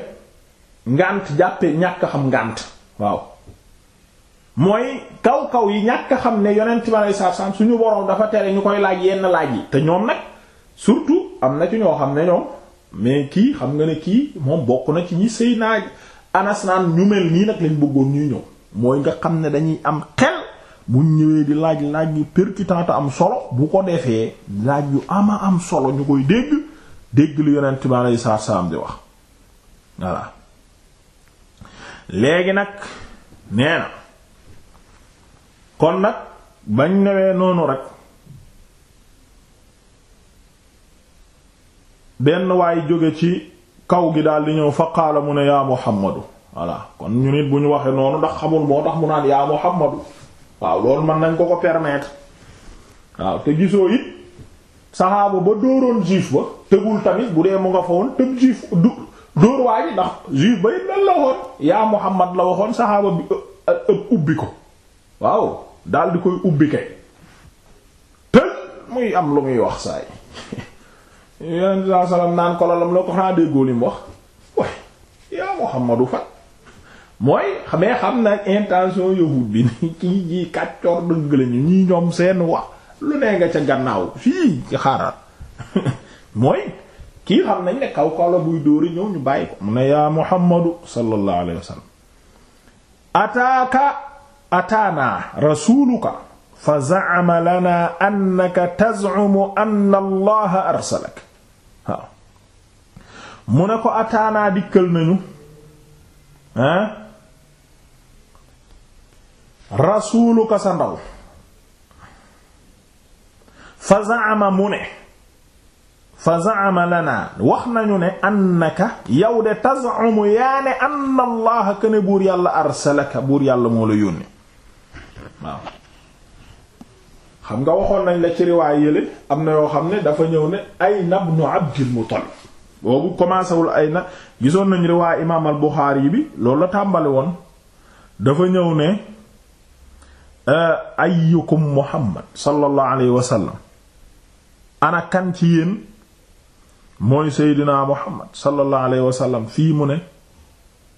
[SPEAKER 1] ngànt jàppe ñàkk xam ngànt waaw mooy kaw kaw yi ñàkk xam ne yonent bi alayhi salaatu salaam suñu boroom dafa tere ñu koy laaj yenn laaj yi te ñoom nag surtout am na ci ñoo xam ne ñoom mais kii xam nga ne kii moom bokk na ci ñi sëy naa anas ñu mel nii nag lañ bëggoon ñuy ñëw mooy nga xam ne dañuy am xel bu ñëwee di laaj laaj yu percutant am solo bu ko defee laaj yu ama am solo ñu koy dégg dégg lu yonent bi alayhi salaatu salaam di wax voilà léegi nag nee na kon nag bañ newee noonu rek benn waay jóge ci kaw gi daal di ñëw fa qaala mu ne yaa muhammadu voilà kon ñu nit bu ñu waxee noonu ndax xamul moo tax mu naan yaa muhammadu waaw loolu mën nañ ko ko permettre waaw te gisoo it saxaaba ba dóoroon juif ba tëgul tamit bu dee mu nga fa woon tëb juif du dóor waaye ndax juif ba it lan la waxoon yaa muhammad la waxoon saxaaba ubbi ko waaw daal di koy ubbi kay tëj muy am lu muy wax saay [LAUGHS] yonent saa salaam naan ko lalam la ko xanaa déggoo lim wax way yaa Muhammadu fan mooy xamee xam na intention yahud bi [LAUGHS] ni kii ji dëgg lañu ñii ñoom seen wax lu nee nga ca gannaaw fii ci xaaral [LAUGHS] mooy kii xam nañ ne kaw buy dóori ñëw ñu bàyyi ko mu ne yaa Muhammadu sallallahu alayhi wa ataaka ataana rasuluka fa za'ama lana annaka taz'umu anna allaha arsalak mu ne ko ataana dikkal nañu ah rasuluka sa ndaw fa za'ama mu ne fa za'ama lana wax nañu ne annaka yow de taz'umu yaa ne anna allaha kana buur yàlla arsalaka buur yàlla moo la yónni waaw xam nga waxoon nañ la ci riwaay yële am na yoo xam ne dafa ñëw ne ay nabnu abdil muttalib boobu commencé ay na gisoon nañ riwaay imaam al buxaari bi loolu la tàmbali woon dafa ñëw ne ayyukum muhammad sallallahu alayhi wa sallam ana kan ci yéen mooy seydinaa muhammad sallallahu alayhi wa sallam fii mu ne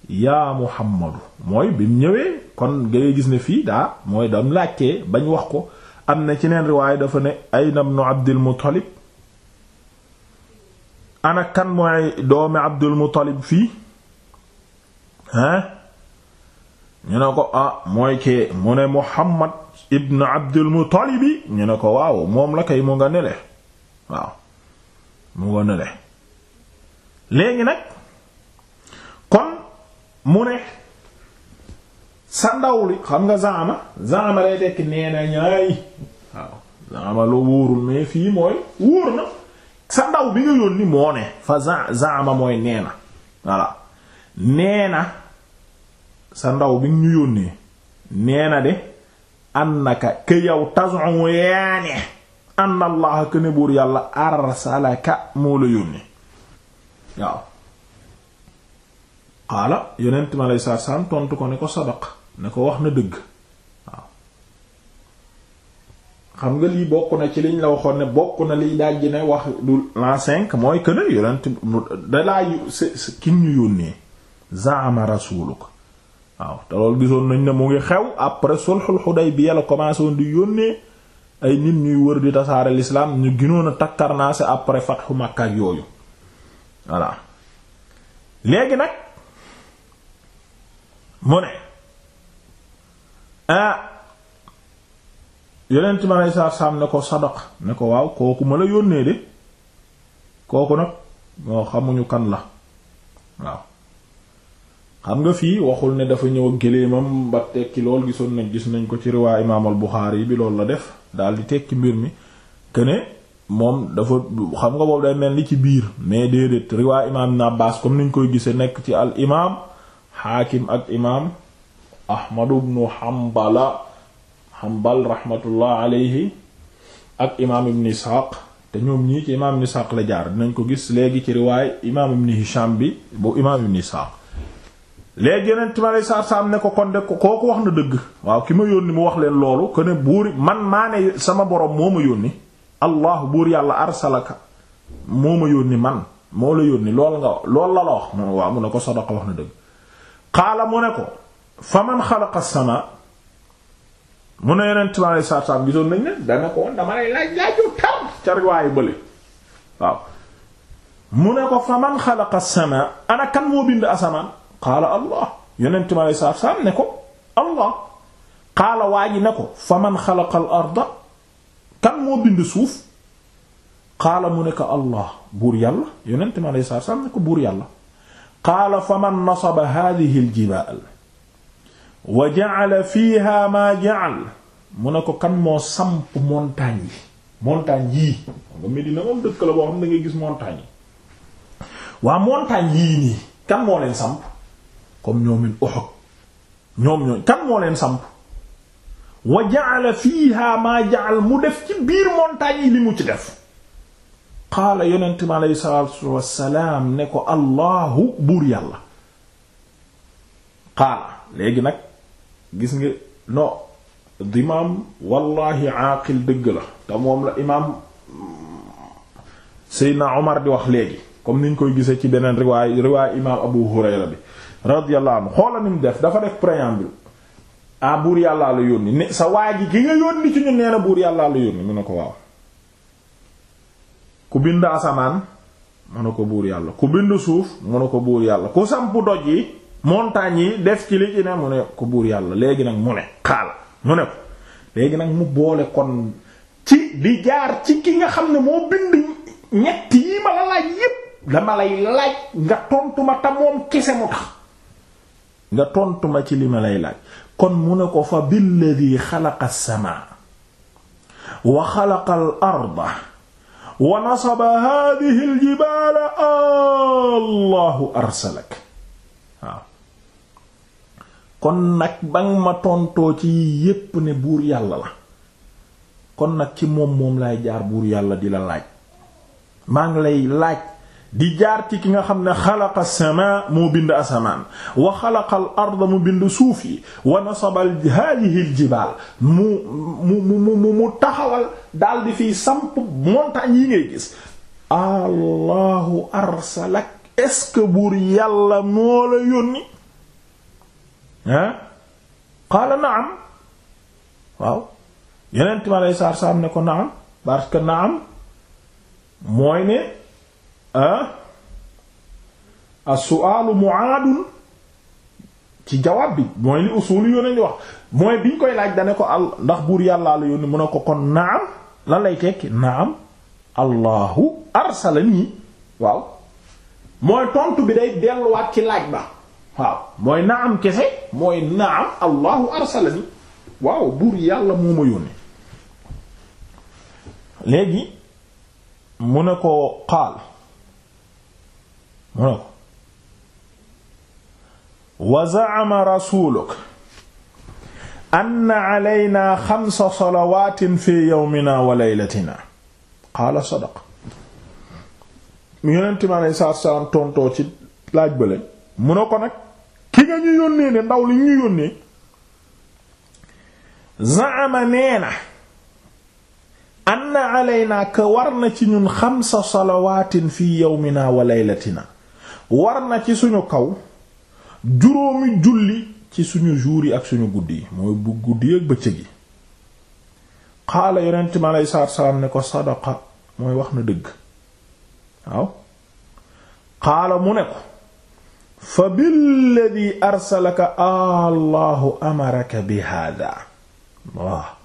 [SPEAKER 1] yaa muhammadu mooy bi mu ñëwee kon ngay gis ne fii daa mooy dam laajtee bañ wax ko am na ci neen riwaay dafa ne ay ayna ibnu abdil muttalib ana kan mooy doomi abdul muttalib fii hein ñu ne ko ah mooy kee mu ne muhammad ibnu abdul muttalib yi ñu ne ko waaw moom la kay mu nga nele waaw mu nga nele léegi nag kon mu ne sa ndaw li xam nga zaama zaama lay dekk nee na ñaay waaw loo wóorul mais fii mooy wóor na sa ndaw bi nga yónni moo ne fa za mooy nee na voilà sa ndaw bi ñu yónnee nee na de annaka ke yow tason yaane ann allaha ke ne buur yàlla arsalaka moo la yónnee waaw qaala yonent mi aleyhi salaatu salaam tontu ko ne ko sadaq ne ko wax na dëgg waaw xam nga lii bokk na ci liñ la waxoon ne bokk na liy daj ne wax du l'an cinq mooy que ne yonent dalaa ki ñu yónnee zaama rasuluk waaw te loolu gisoon nañ ne mu ngi xew après sulhul Hudaybiya la commencé woon di yónnee ay nit ñuy wër di tasaare l'islam ñu ginoon a takkarnaase après fathu Makka ak yooyu voilà léegi nag. mu ne ah yonent ma lay saar ne ko sadaq ne ko waaw kooku ma la yónnee de kooku nag moo xamuñu kan la waaw xam nga fii waxul ne dafa ñëw ak géléemam ba tekki lool gisoon nañ gis nañ ko ci riwaa imaamal Buxaari yi bi lool la def daldi tekki mbir mi këne moom dafa xam nga boobu day mel ni ci biir mais déedéet riwaa imaam Ibn Abbaas comme ni ñu koy gise nekk ci al imaam xaakim ak imaam ahmadu bnu xambala xambal rahmatullah alayhi ak imaam ibn isxaaq te ñoom ñii ci imaam ibn isxaaq la jaar dinañ ko gis léegi ci riwaay imaam ibn hisham bi bu imaam ibn isxaaq léegi yeneen time sa saar ne ko kon de kooku wax na dëgg waaw ki ma yónni mu wax leen loolu ko ne buur man maa ne sama borom moo ma yónni allah buur yàlla arsalaka moo ma yónni man moo la yónni lool nga lool la la wax mun waaw mun ne ko sadaqa wax na dëgg xaala mu ne ko fa man xalaqa sama mu ne yonent ma ne dana ko woon dama lay bind asamaan xaala allah yonent ne ko allah xaala waa ji ne ko fa man xalaqa al kan moo bind suuf xaala mu ne ko allah buur yàlla yonent ma lay saab ko buur yàlla qaala faman nasaba haadihi aljibaal wa ja'ala fiiha maa ja'al mu ne ko kan moo samp montagne yi montagne yii gis montagne yi waa montagne yii nii kan moo leen samp comme ñoomin Uhud ñoom ñooñ kan moo leen samp wa ja'ala fiiha maa ja'al mu def ci biir montagne yi li mu ci def qaala yonent mi aleyhi salaatu wassalaam ne ko allahu buur yàlla qaala léegi nag gis nga no dimaam wallahi aaqil dëgg la te moom la imaam seydna omar di wax léegi comme niñ koy gisee ci beneen riwaay riwaay imaam abu hurayra bi radiyallahu anhu xoola ni mu def dafa def préambule ah buur yàlla la yónni ne sa waa ji ki nga yónni ci ñu nee buur yàllaa la yónni mu ne ko waaw ku bind asamaan mu ne ko buur yàlla ku bind suuf mu ne ko buur yàlla ku samp doj yi montagne yi def ci li ci mu ne ko buur yàlla léegi nag mu ne xaal mu ne ko léegi nag mu boole kon ci di jaar ci ki nga xam ne moo bind ñett yi ma la laaj yépp dama lay laaj nga tontu ma te kese mu tax nga tontu ma ci li ma lay laaj kon mu ne ko fa billadi xalaqa as-samaa wa xalaqa al wa nasaba hadihi aljibaala allahu arsalak waaw kon nag ba nga ma tontoo ci yépp ne buur yàlla la kon nag ci moom moom lay jaar buur yàlla di la laaj maa ngi lay laaj di jaar ci ki nga xam ne xalaqa as-samaa moo bind asamaan wa xalaqa al mu bind suuf yi wa nasaba haadihi al-jibaal mu mu mu mu mu taxawal daal di fiy samp montagnes yi ngay gis allahu arsalak est que buur yàlla moo la yónni ah qaala naam waaw yeneen mi aleyi saatu ne ko naam parce que naam mooy ne su as-su'aalu mu'aadun ci jawaab bi mooy li usuul yooyu nañu wax mooy biñ koy laaj dane ko al ndax buur yàllaa la yónni mu ne ko kon naam lan lay tekki naam allahu arsalani waaw tontu bi day delluwaat ci laaj ba waaw mooy naam kese mooy buur yàlla moo ma yónni léegi mu ne ko qaal waaw wa za'ama rasuluk anna alayna xamsa salawaatin fi yawmina wa laylatina qaala sadaqa yonent mi alayhi salaatu salaam tontoo ci laaj bële mu ne ko nag ki nga ñu yónnee ne ndaw li ñu yónnee zaama nee na anna alayna ka war na ci ñun xamsa salawaatin fi yawmina wa laylatina war na ci suñu kaw juróomi julli ci suñu jour yi ak suñu guddi yi mooy bu guddi ak bëccëg yi xaala yonent mi aleyhi salaam ne ko sadaqa mooy wax na dëgg waaw xaala mu ne ko fa billadi arsalaka allahu amaraka bi hada waaw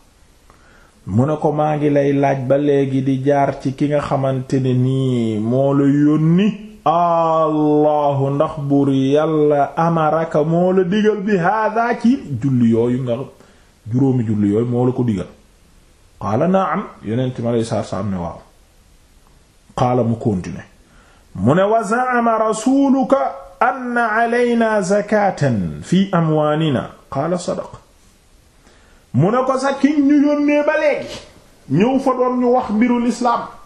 [SPEAKER 1] mu ne ko maa ngi lay laaj ba léegi di jaar ci ki nga xamante ne nii moo la yónni allahu ndax buur yàlla amaraka moo la digal bi hada ci julli yooyu nga juróomi julli yooyu moo la ko digal qaala naam yonent mi aleyhi salaatu salaam ne waaw qaala mu continuer mu ne wa za'ama rasuluka anna alayna zakatan fi amwaalina qaala sadaq mu ne ko sa kiñ ñu yónnee ba léegi fa doon ñu wax mbirul lislaam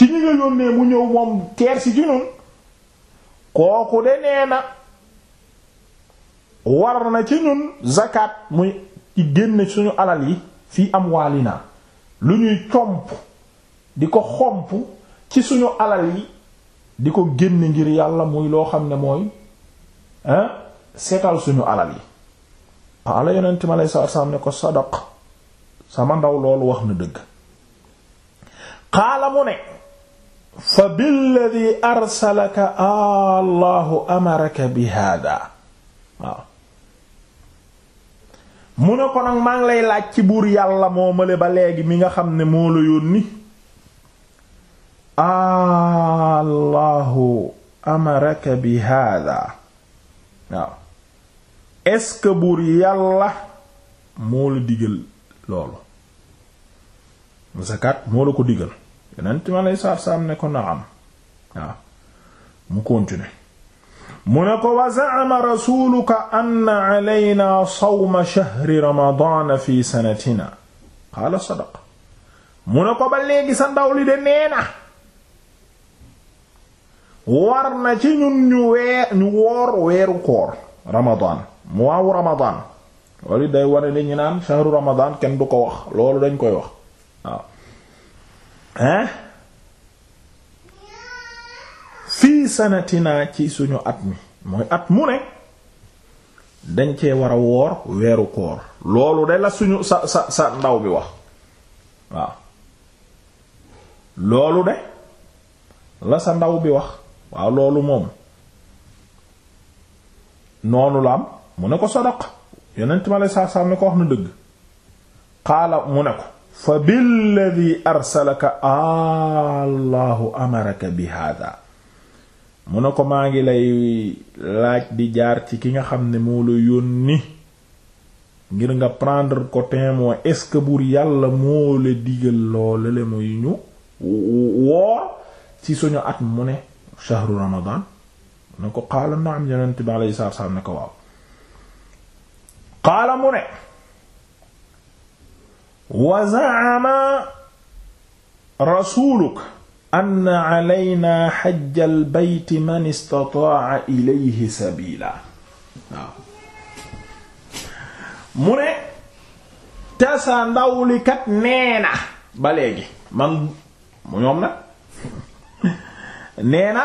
[SPEAKER 1] ci ñi nga yónnee mu ñëw moom teer si ci ñun kooku de nee na war na ci ñun zakat muy génn suñu alal yi fii am waalinaa lu ñuy comp di ko xomp ci suñu alal yi di ko génn ngir yàlla muy loo xam ne mooy setal suñu alal yi ala yonent mi alay salaam ne ko sadaq sama ndaw loolu wax na dëgg xaala mu ne fa billadi arsalaka allahu amaraka bi hada waaw mu ko nag maa ngi lay laaj ci buur yàlla moo male ba léegi mi nga xam ne moo la yónni allahu amaraka bi hada waaw buur yàlla moo la digal loolu musakat moo la ko digal yonent mi aleyhi ne ko naam waaw mu continuer mu ne ko wa za'ama rasuluka anna alayna sawma shahri ramadana fi sanatina qaala sadaqa mu ne ko ba léegi sa ndaw li de nee na war na ci ñun ñu woor weeru koor ramadan mu waaw ramadan loolu day wane ne ñu naan shahru ramadan kenn du wax loolu koy wax hein fii naa ci suñu at mi mooy at mu ne dañ war a woor weeru koor loolu de la suñu sa sa sa ndaw bi wax waaw loolu de la sa ndaw bi wax waaw loolu moom noonu la mu ne ko sadaq yonent ma lay saa saa ne ko wax na dëgg xaala mu ne ko fa billadi arsalaka allahu amaraka bi hada mu ne ko maa ngi lay laaj di jaar ci ki nga xam ne moo la yónni ngir nga prendre ko témoin est-ce que buur yàlla moo la digal loolu le muy ñu woor ci suñu at mu ne shahru ramadan ne ko qaala naam yonent bi alayhi salaatu ne ko waaw qaala mu ne wa za'ama rasuluk anna alayna xajjal bayti man istataa'a ilayhi sabila waaw mu ne te sa ndawlikat nee na man mu ñoom nag nee na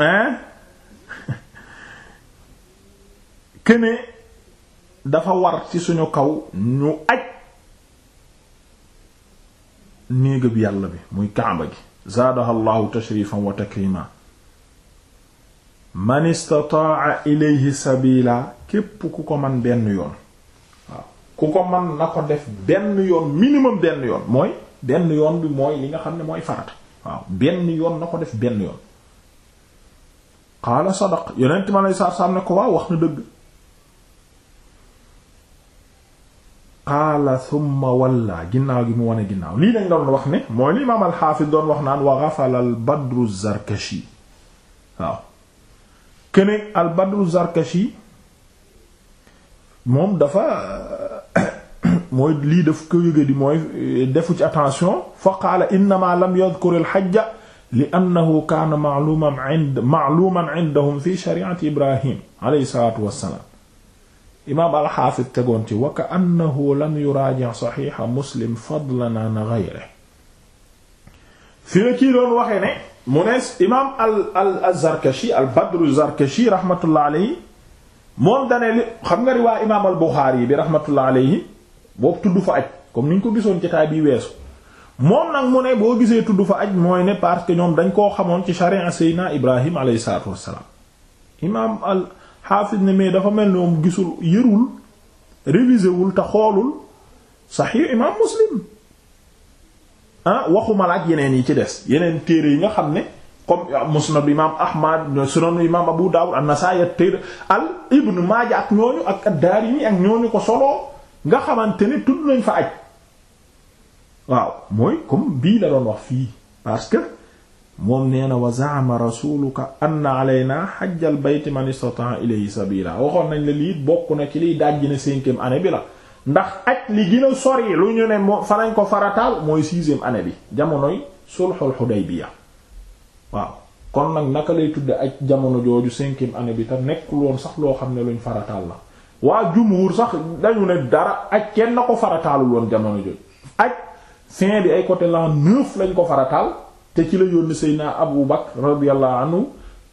[SPEAKER 1] [LAUGHS] dafa war ci suñu kaw ñu aj néegab yàlla bi muy kaaba gi zaadaha llahu tashrifan wa takrima man istataa ilayhi sabila képp ku ko man benn yoon waaw ku ko man na ko def benn yoon minimum benn yoon mooy benn yoon bi mooy li nga xam ne mooy farata waaw benn yoon na ko def benn yoon qaala sadaq yonent ma lay saar ne ko waaw wax na dëgg qaala thumma walla ginnaaw gi mu wane ginnaaw lii lañ doon wax ne mooy li imaam alxaafis doon wax naan wa ghafala al badru zarkashi waaw keneen al badru zarkashi moom dafa [COUGHS] mooy lii daf ko yëge di mooy defu ci attention fa qaala innama lam yadhkur al hajja li annahu kaana ma'luman 'inda ma'luman 'indahum fi shari'ati ibrahim alayhi salaatu wassalaam imaam alxaafid tegoon ci wa ka annahu lam yuraaji' saxiixa muslim fadlan an ghayrihi fi la kii doon waxee ne mu ne imaam al al al zarkashi al badru zarkashi rahmatullah aleyhi moom dane xam nga riwaa imaam al buxaari bi rahmatullah aleyhi boobu tudd fa aj comme niñ ko gisoon jotaay bii weesu moom nag mu ne boo gisee tudd fa aj mooy ne parce que ñoom dañ koo xamoon ci sharia seydina ibrahim aleyhi salaatu wassalaam imaam xaafis ne mais dafa mel ni moom gisul yërul révisé wul te xoolul saxiix imaam muslim ah waxuma la ak yeneen yi ci des yeneen téere yi nga xam ne comme musnad imaam ahmad sunan imaam abu dawud an-nasa'i at-tir al ibn maaja ak ñooñu ak yi daarimi ak ñooñu ko soloo nga xamante ni tudd nañ fa aj waaw mooy comme bii la doon wax fii moom nee na wa zaama rasuluka anna alayna xajjal bayti man istata ilayhi sabila waxoon nañ la lii bokk na ci liy dajji na cinquième année bi la ndax aj li gën a yi lu ñu ne moo fa lañ ko farataal mooy sixième année bi jamonoy sulxul xudaybiya waaw kon nag naka lay tudde aj jamono jooju cinquième année bi te nekkul woon sax loo xam ne luñ farataal la waa jumhur sax dañu ne dara aj kenn ko farataalul woon jamono jooju aj fin bi ay côté l'an neuf lañ ko farataal te ci la yónni Seydina Abu Bakr radiyallahu anhu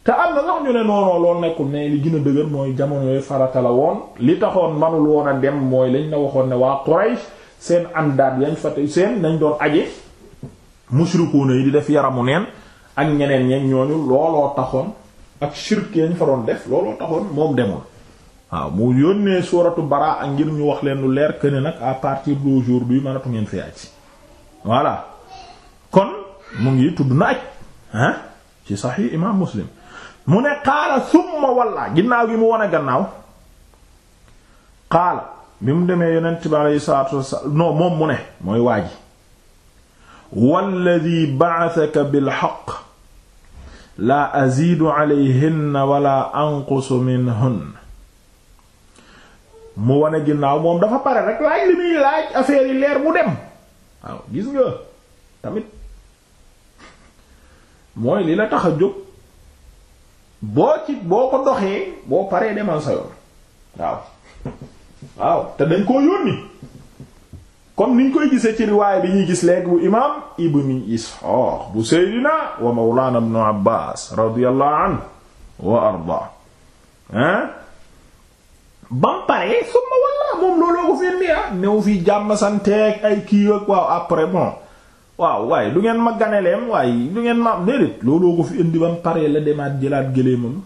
[SPEAKER 1] te am na sax ñu ne noonoo lool nekkul ne li gën a dëgër mooy jamonoy farata la woon li taxoon manul woon a dem mooy lañ na waxoon ne waa Quraysh seen àndaat yañ fa seen nañ doon aje mushrikuuna yi di def yaramu neen ak ñeneen ñeen ñooñu looloo taxoon ak shirk yañ fa doon def looloo taxoon moom demul waaw mu yónnee suuratu Baraa ak ngir ñu wax leen lu leer que nag à partir d'aujourd'hui mënatu ngeen fi mu ngi tudd na aj ah ci saxi imam muslim mu ne qaala summa walla ginnaaw gi mu wane gannaaw qaala bi mu demee yonent bi aleyhi salaatu mu ne mooy waa ji walladi ba'athaka bilxaq laa aziidu wala anqusu minhun mu wane laaj li muy laaj affaire leer mu dem waaw gis nga tamit mooy lii la tax a jóg boo ci boo ko doxee boo paree demal sa yoon waaw waaw te dañ koo yónni comme niñ koy gisee ci riwaay bi ñuy gis léegi bu imaam ibnu Isxaaq bu Seydina wa Mawlaana ibnu Abbaas radiyallahu wa ardaa hein bam paree summa walla moom looloo ko fi indi ah new fi jàmm santeeg ay kii après bon waaw waaye du ngeen ma ganeleem waaye du ngeen ma am déedéet looloo ko fi indi ba mu paree la demaat jëlaat gëléemam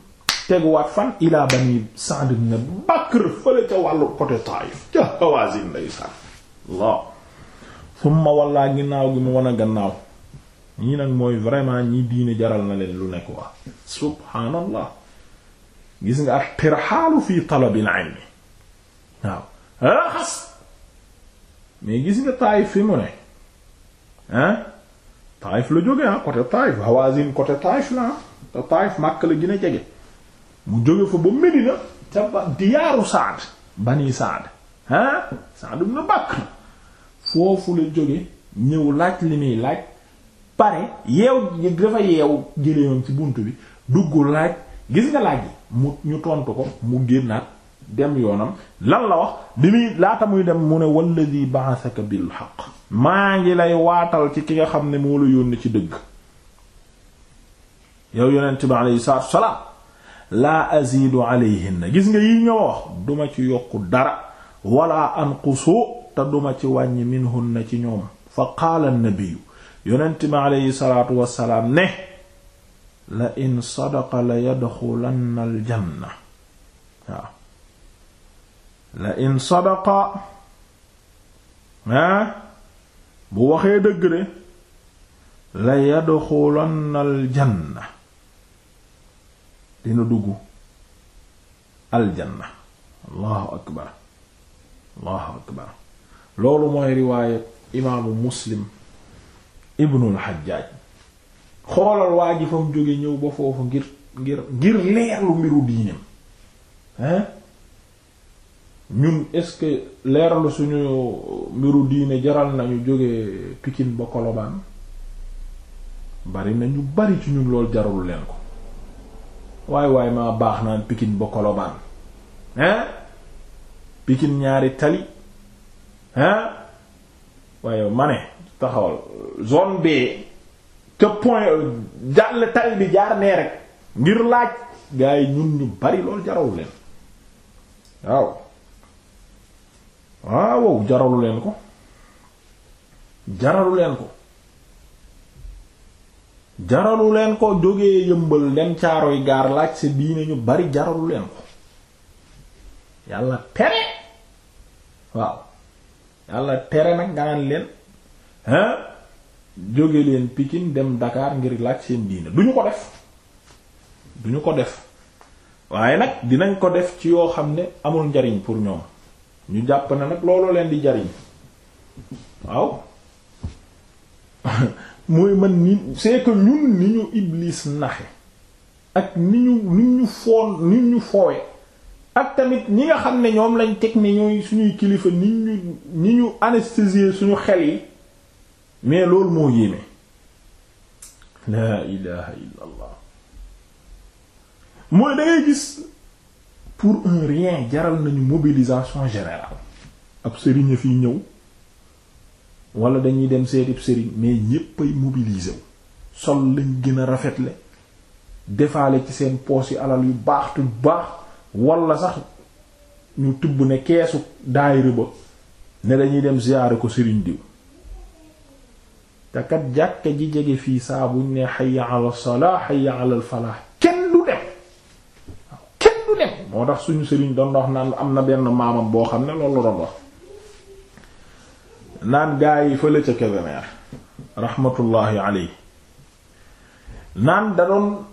[SPEAKER 1] teguwaat fan ilaa bani Sa'd ibn Bakr fële ca wàllu côté Taif ca Hawazin nday sàn waaw summa wallaa ginnaaw gi mu wan a gannaaw ñii nag mooy vraiment ñi diine jaral na leen lu nekk wax subhaanallah gis nga ak tirxaalu fii talabil ilmi waaw raxas mais gis nga Taif fi mu ne hein Taïf la jóge ah côté Taïf Hawazin côté Taïf la ah te Taïf Makka la gën jege mu jóge fa ba Medina ca diyaaru Saad bani Saad ah Saad ibn Bakr foofu la jóge ñëw laaj li muy laaj pare yeew dafa yeew jëlee ci bunt bi dugg laaj gis nga laaj yi mu ñu tontu ko mu génnaat dem yoonam lan la wax bi laata muy dem mu ne walladi bi bil haqq maa ngi lay waatal ci ki nga xam ne moo la ci dëgg yow yonent bi aleyhi salaatu wasalaam laa azidu alayhinna gis nga yi nga wax duma ci yokku dara wala anqusu te duma ci wàññi minhunna ci ñoom fa qaala an-nabiyyu yonent bi aleyhi salaatu wasalaam ne la in sadaqa la yadxulanna al la in sadaqa ah bu waxee dëgg de la yadxulanna aljanna dina dugg aljanna allahu akbar allahu akbar loolu mooy riwaayat imaamu muslim ibnul xajjaaj xoolal waa ji fa mu jóge ñëw ba foofu ngir ngir ngir leerlu mbiru diineem ah. ñun est-ce que leeralu suñu mbiru diine jaral nañu jóge Pikine ba Colobane bari na ñu bari ci ñun lool jarul leen ko waaye waaye maa baax naan Pikine ba Colobane hein Pikine ñaari tali hein waaye ma ne taxawal zone B te point jàll tali bi jaar nee rek ngir laaj gars yi ñun ñu bari lool jarul leen waaw Ah, waaw jaralu leen ko jaralu leen ko jaralu leen ko jógee yëmbal dem caaroy gaar laaj sa diine ñu bari jaralu leen ko yàlla tere waaw yàlla tere nag nga naan leen hein jóge leen Pikine dem dakaar ngir laaj seen diine duñu ko def duñu ko def waaye nag dinañ ko def ci yoo xam ne amul njariñ pour ñoom ñu jàpp ne nag looloo leen di jariñ waaw [LAUGHS] mooy man ni c'est que ñun ni ñu Iblis naxe ak ni ñu ni ñu foon ni ñu foowe ak tamit ñi nga xam ne ñoom lañ teg ne ñooy suñuy kilifa ni ñu ni ñu anesthésier suñu xel yi mais loolu moo yéeme laa ilaha illa mooy da gis pour un rien jaral nañu mobilisation générale ab sëriñ a fiy ñëw wala dañuy dem seetib sëriñ mais ñépp ay mobilisé wu sol lañ gën a rafetle defaale ci seen poos yi alal yu baax tu baax walla sax ñu tibb ne keesu daayira ba ne dañuy dem ziyaare ko sëriñ diw te kat jàkka ji jege fii saa buñ ne hayya ala salah hayya ala al moo tax suñu sëriñ doon wax naan am na benn maamam boo xam ne loolu la doon naan gaa yi fële ca Kébémer rahmatullahi aley naan da doon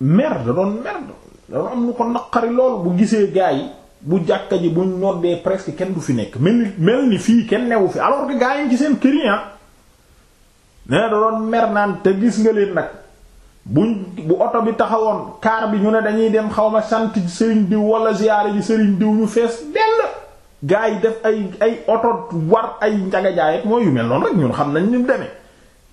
[SPEAKER 1] mer da doon mer da doon am lu ko naqari lool bu gisee gaa yi bu jàkka ji buñ noddee presque kenn du fi nekk mel ni fii kenn newu fi alors que gaa yi ci seen këriña ah. nee da doon mer naan te gis nga leen nag buñ bu oto bi taxawoon kaar bi ñu ne dañuy dem xaw ma sant sëriñ diw wala ziyaare ji sëriñ diw ñu fees dell gaa yi def ay ay oto war ay njaga-jaay mooy yu mel noonu rek ñun xam nañ ñu demee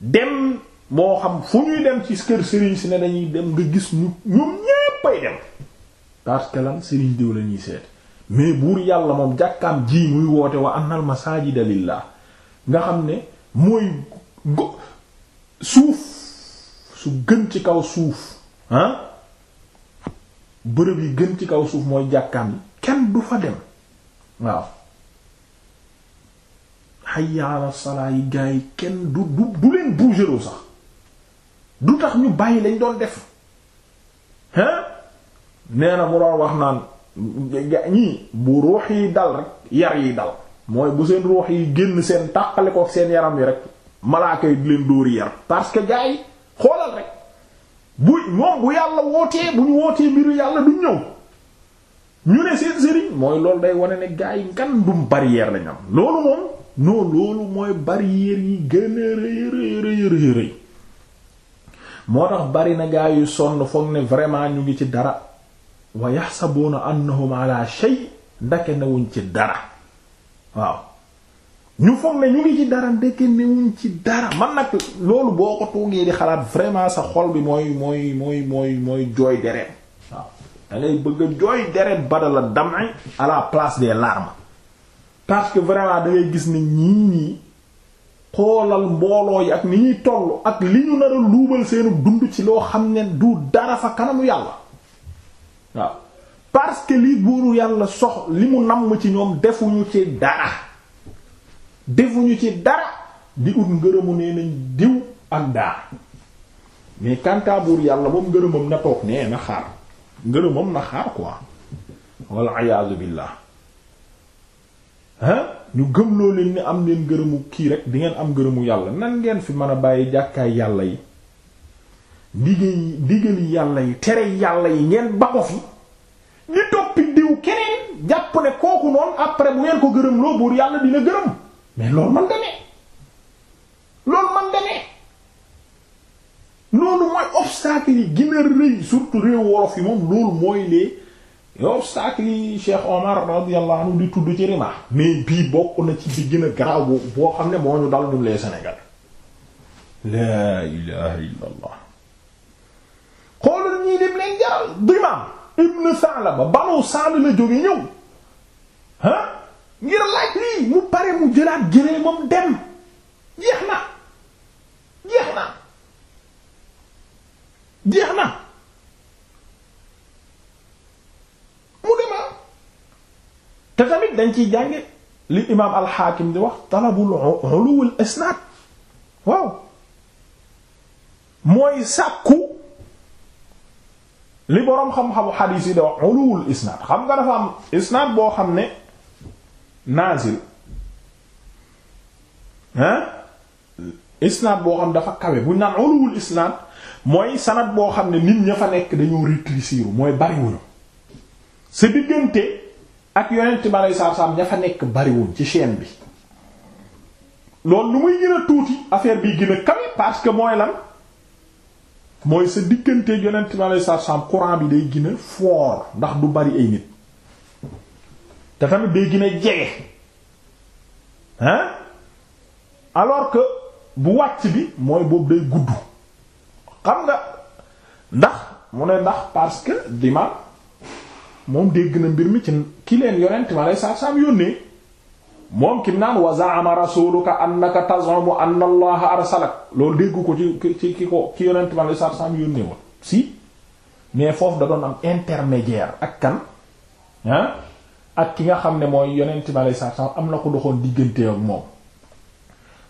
[SPEAKER 1] dem moo xam fu ñuy dem ci kër sëriñ si ne dañuy dem nga gis ñu ñoom ñéppay dem parce que lan sëriñ diw la ñuy seet mais buur yàlla moom jàkkaam ji muy woote wa annal masajida lillah nga xam ne mooy go suuf su gën ci kaw suuf ah bërëb yi gën ci kaw suuf mooy jàkkaam yi kenn du fa dem waaw hayya ala salaa yi gars kenn du du du leen bougeroo sax du tax ñu bàyyi lañ doon def hein nee na mu doon wax naan ñii bu ruux yi dal rek yar yi dal mooy bu seen ruux yi génn seen tàqale seen yaram yi rek malaaka leen dóori yar parce que gars bu moom bu yàlla wootee bu ñu wootee mbiru yàlla duñ ñëw ñu ne seen sëriñ mooy loolu day wane ne gaa yi ngan dum barrière lañ am loolu moom non loolu mooy barrière yi gën a rëy rëy rëy moo tax bari na gaa yu sonn foog ne vraiment ñu ngi ci dara wa yaxsabuuna annahum ala shay ndake nawuñ ci dara waaw ñu foog ne ñu ngi ci dara ndeke newuñ ci dara man nag loolu boo ko toogee di xalaat vraiment sa xol bi mooy mooy mooy mooy mooy jooy deret waaw da bëgg a jooy deret ba dam'i à la place de larmes parce que vraiment da gis ne ñii ñii xoolal mbooloo yi ak ni ñuy ak li ñu nar a luubal seenu dund ci loo xam ne du dara fa kanamu yàlla waaw parce que li buuru yàlla sox li mu namm ci ñoom defuñu ci dara defuñu ci dara di ut ngërëmu nee nañ diw ak daa mais kantaa buur yàlla moom ngërëmam na toog nee na xaar ngërëmam na xaar quoi walla iyaazu billaah hein ñu gëm loo leen am leen ngërëmu kii rek di ngeen am ngërëmu yàlla nan ngeen fi mën a bàyyi jàkkaay yàlla yi ndigal ndigal yàlla yi tere yàlla yi ngeen ba ko fi ñu toppi diw keneen jàpp ne kooku noonu après bu ngeen ko gërëm loo buur yàlla dina gërëm mais loolu man da ne loolu man da ne loolu mooy obstacle yi rëy surtout réew wolof yi moom loolu mooy les obstacle yi Omar radiyallahu anhu di tudd ci rima mais bii bokk na ci bi gën garaaw boo xam ne moo ñu dal ñun les Sénégalais laa ilaha illa allah xoolal dem leen jaral Dimaam ibn Sa'laba banu Sa'd la jóge ñëw ngir laaj lii mu pare mu jëlaat jëlee moom dem jeex na jeex na jeex na mu dema te tamit dañ ciy jànge li imaam alxaakim di wax talabul uluwul isnaad waaw mooy sàkku li boroom xam-xamu xadiis yi wax uluwul isnaad xam nga dafa isnaad boo xam ne naazil hein isnaad boo xam dafa kawe buñ naan uluwul isnaad mooy sanad boo xam ne nit ña fa nekk dañoo rétrécir mooy bariwuñu sa diggante ak yonent ba lay saab ña fa nekk bariwuñ ci chaîne bi loolu lu muy gën tuuti affaire bi gën a kawe parce que mooy lan mooy sa diggante yonent ba lay saab-saab bi day gën a ndax du bari ay nit te tamit day gën jege hein alors que bu wàcc bi mooy boobu day gudd xam nga ndax mu ne ndax parce que dimaam moom dégg na mbir mi ci ki leen yonent ma lay saab-saab yónnee moom kim naan wa za'ama rasuluka annaka tazumu anna allaha arsalak loolu dégg ko ci ci ki ko ki yonent ma lay saab-saab yónnee woon si mais foofu da doon am intermédiaire ak kan ak ki nga xam ne mooy yonent bi alei satu salaam am na ko doxoon diggante ak moom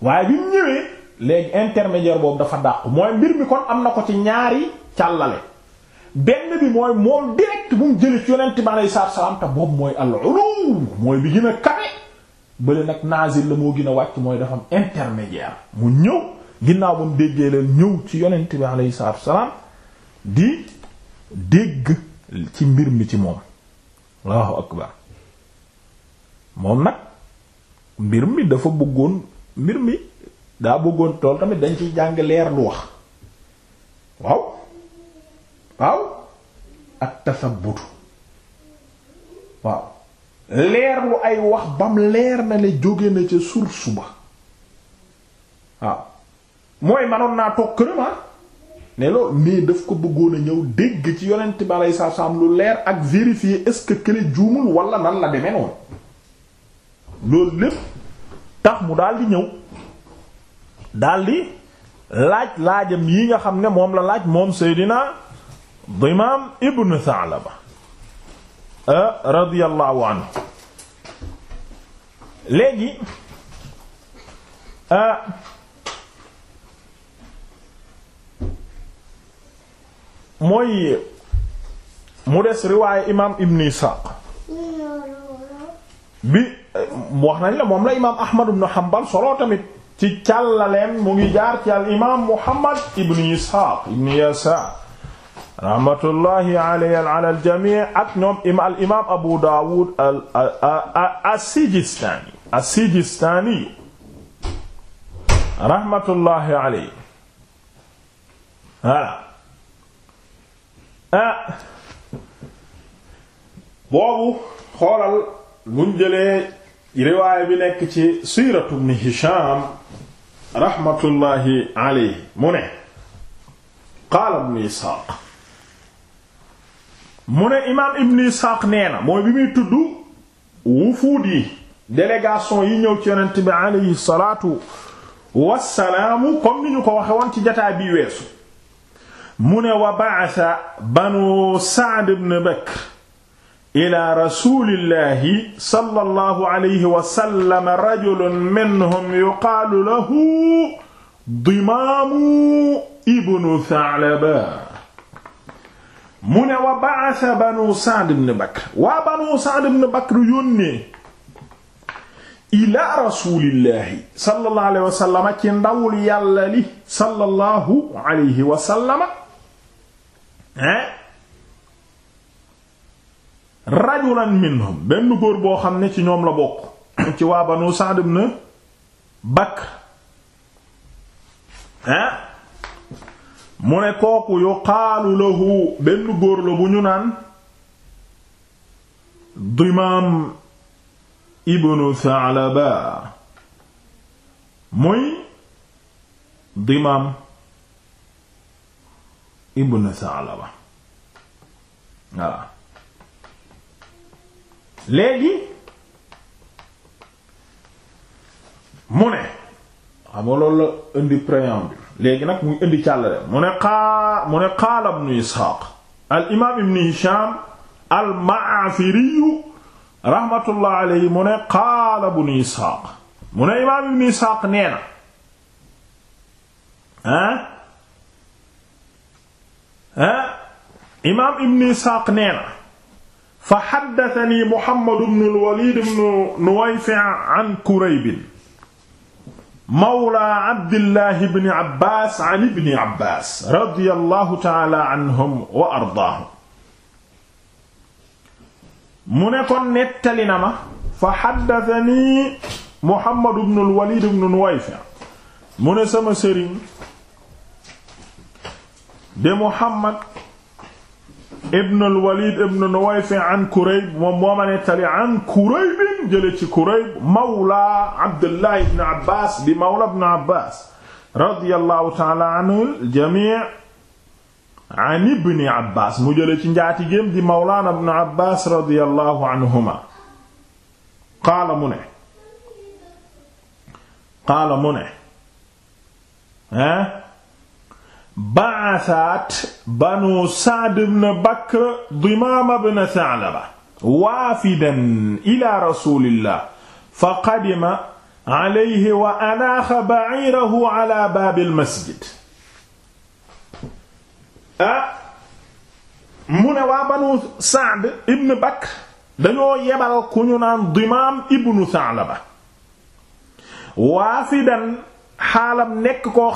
[SPEAKER 1] waaye bi mu ñëwee léegi intermédiaire boobu dafa dàqu mooy mbir mi kon am na ko ci ñaari càllale benn bi mooy moom direct bu mu jëlee ci yonent bi alei salaam te boobu mooy al-ulum mooy bi gën a kawe bële nag nazil la moo gën a wàcc mooy dafa am mu ñëw ginnaaw ba mu déggee leen ñëw ci yonent bi aleyhi salaatu salaam di dégg ci mbir mi ci moom allahu akbar moom nag mbir mi dafa bëggoon mbir mi daa bëggoon tool tamit dañ ciy jàng leer lu wax waaw waaw ak tasabbutu waaw leer lu ay wax bam leer na ne jóge na ca source suba waaw mooy manoon naa toog këram ah, ne loolu mais daf ko bëggoon a ñëw dégg ci yonent bi aleyhi saa salaam lu leer ak vérifier est-ce que kële juumul wala nan la demee noonu loolu lépp tax mu daal ñëw daldi laaj laajam yi nga xam ne moom la laaj moom Seydina Dimaam ibn Tha'laba euh, radiyallahu anhu léegi euh, mooy mu des riwaaye imaam Ibn Isaaq bi wax nañ la moom la imaam Ahmad ibn Hanbal solo tamit ci càllaleem mu ngi jaar ci al imaam Muhammad ibn Ishaq ibn Yasa rahmatullahi alayhi ala al jamii ak ñoom ima al imaam Abu Dawud al as-Sijistani as-Sijistani rahmatullahi alayhi ah. boobu xoolal buñ jëlee riwaaya bi nekk ci siiratu ibn Hisham raxmatullaahi alayhi mu ne qaala ibn Isxaaq mu ne imaam ibn Isxaaq nee na mooy bi muy tudd wufuud yi yi ñëw ci yonent bi alayhi salaatu wassalaamu comme ñu ko waxe woon ci jataay bi weesu mu ne wa ba'atha banu Sa'd ibn Bakr ila rasulillahi sallallahu alayhi wa sallam rajulun minhum yuqaalu lahu dimaamu ibnu Tha'laba mu ne wa ba'atha banu Sa'd ibn Bakr waa banu Sa'd ibn Bakr yónnee ila rasulillahi sallallahu alayhi wa sallama ci ndawul yàlla li sallallahu alayhi wa sallama hein rajulan minhum benn góor boo xam ne ci ñoom la bokk [COUGHS] ci waa banu Sa'd ibn Bakr ah mu ne kooku yuqaalu lahu benn góor la bu ñu naan Dimaam ibnu Sa'laba muy Dimaam ibnu Sa'laba voilà léegi mu ne xam nga loolu la indi préambule léegi nag mu ne xaa mu ne qaala ibnu isxaaq al imaam ibnu hisham al maafiriyu rahmatullah alayhi mu ne qaala ibnu isxaaq mu ne imaam ibnu isxaaq nee na ah ah ibnu isxaaq nee fa xaddatani Muhammad ibn al-Walid ibn Nuwayfi' an Kurayb mawla Abdillah ibn Abbas an ibn Abbas radiyallahu ta'ala anhum wa ardaahum mu ne kon nettali na ma fa xaddatani Muhammad ibn al-Walid ibn Nuwayfi' mu ne sama sëriñ de Muhammad ibn al-Walid ibn Nuwayf an Kurayb moom moo ma nettali an Kurayb jële ci Kurayb mawla Abdullah ibn Abbas di mawla ibn Abbas radiyallahu ta'ala anhu al-jami' an ibn Abbas mu jële ci njaatigéem di mawlaana ibn Abbas radiyallahu anhuma qaala mu ne qaala mu ne ha baasaat banu Sa'd ibn Bakr Dimaama ibn Tha'laba waafidan ila rasulillah fa qadima alayhi wa anaaxa ba'iirahu ala baabil masjid ah mu ne waa banu Sa'd ibn Bakr dañoo yebal ku ñu naan Dimaam ibn Tha'laba waafidan xaalam nekk ko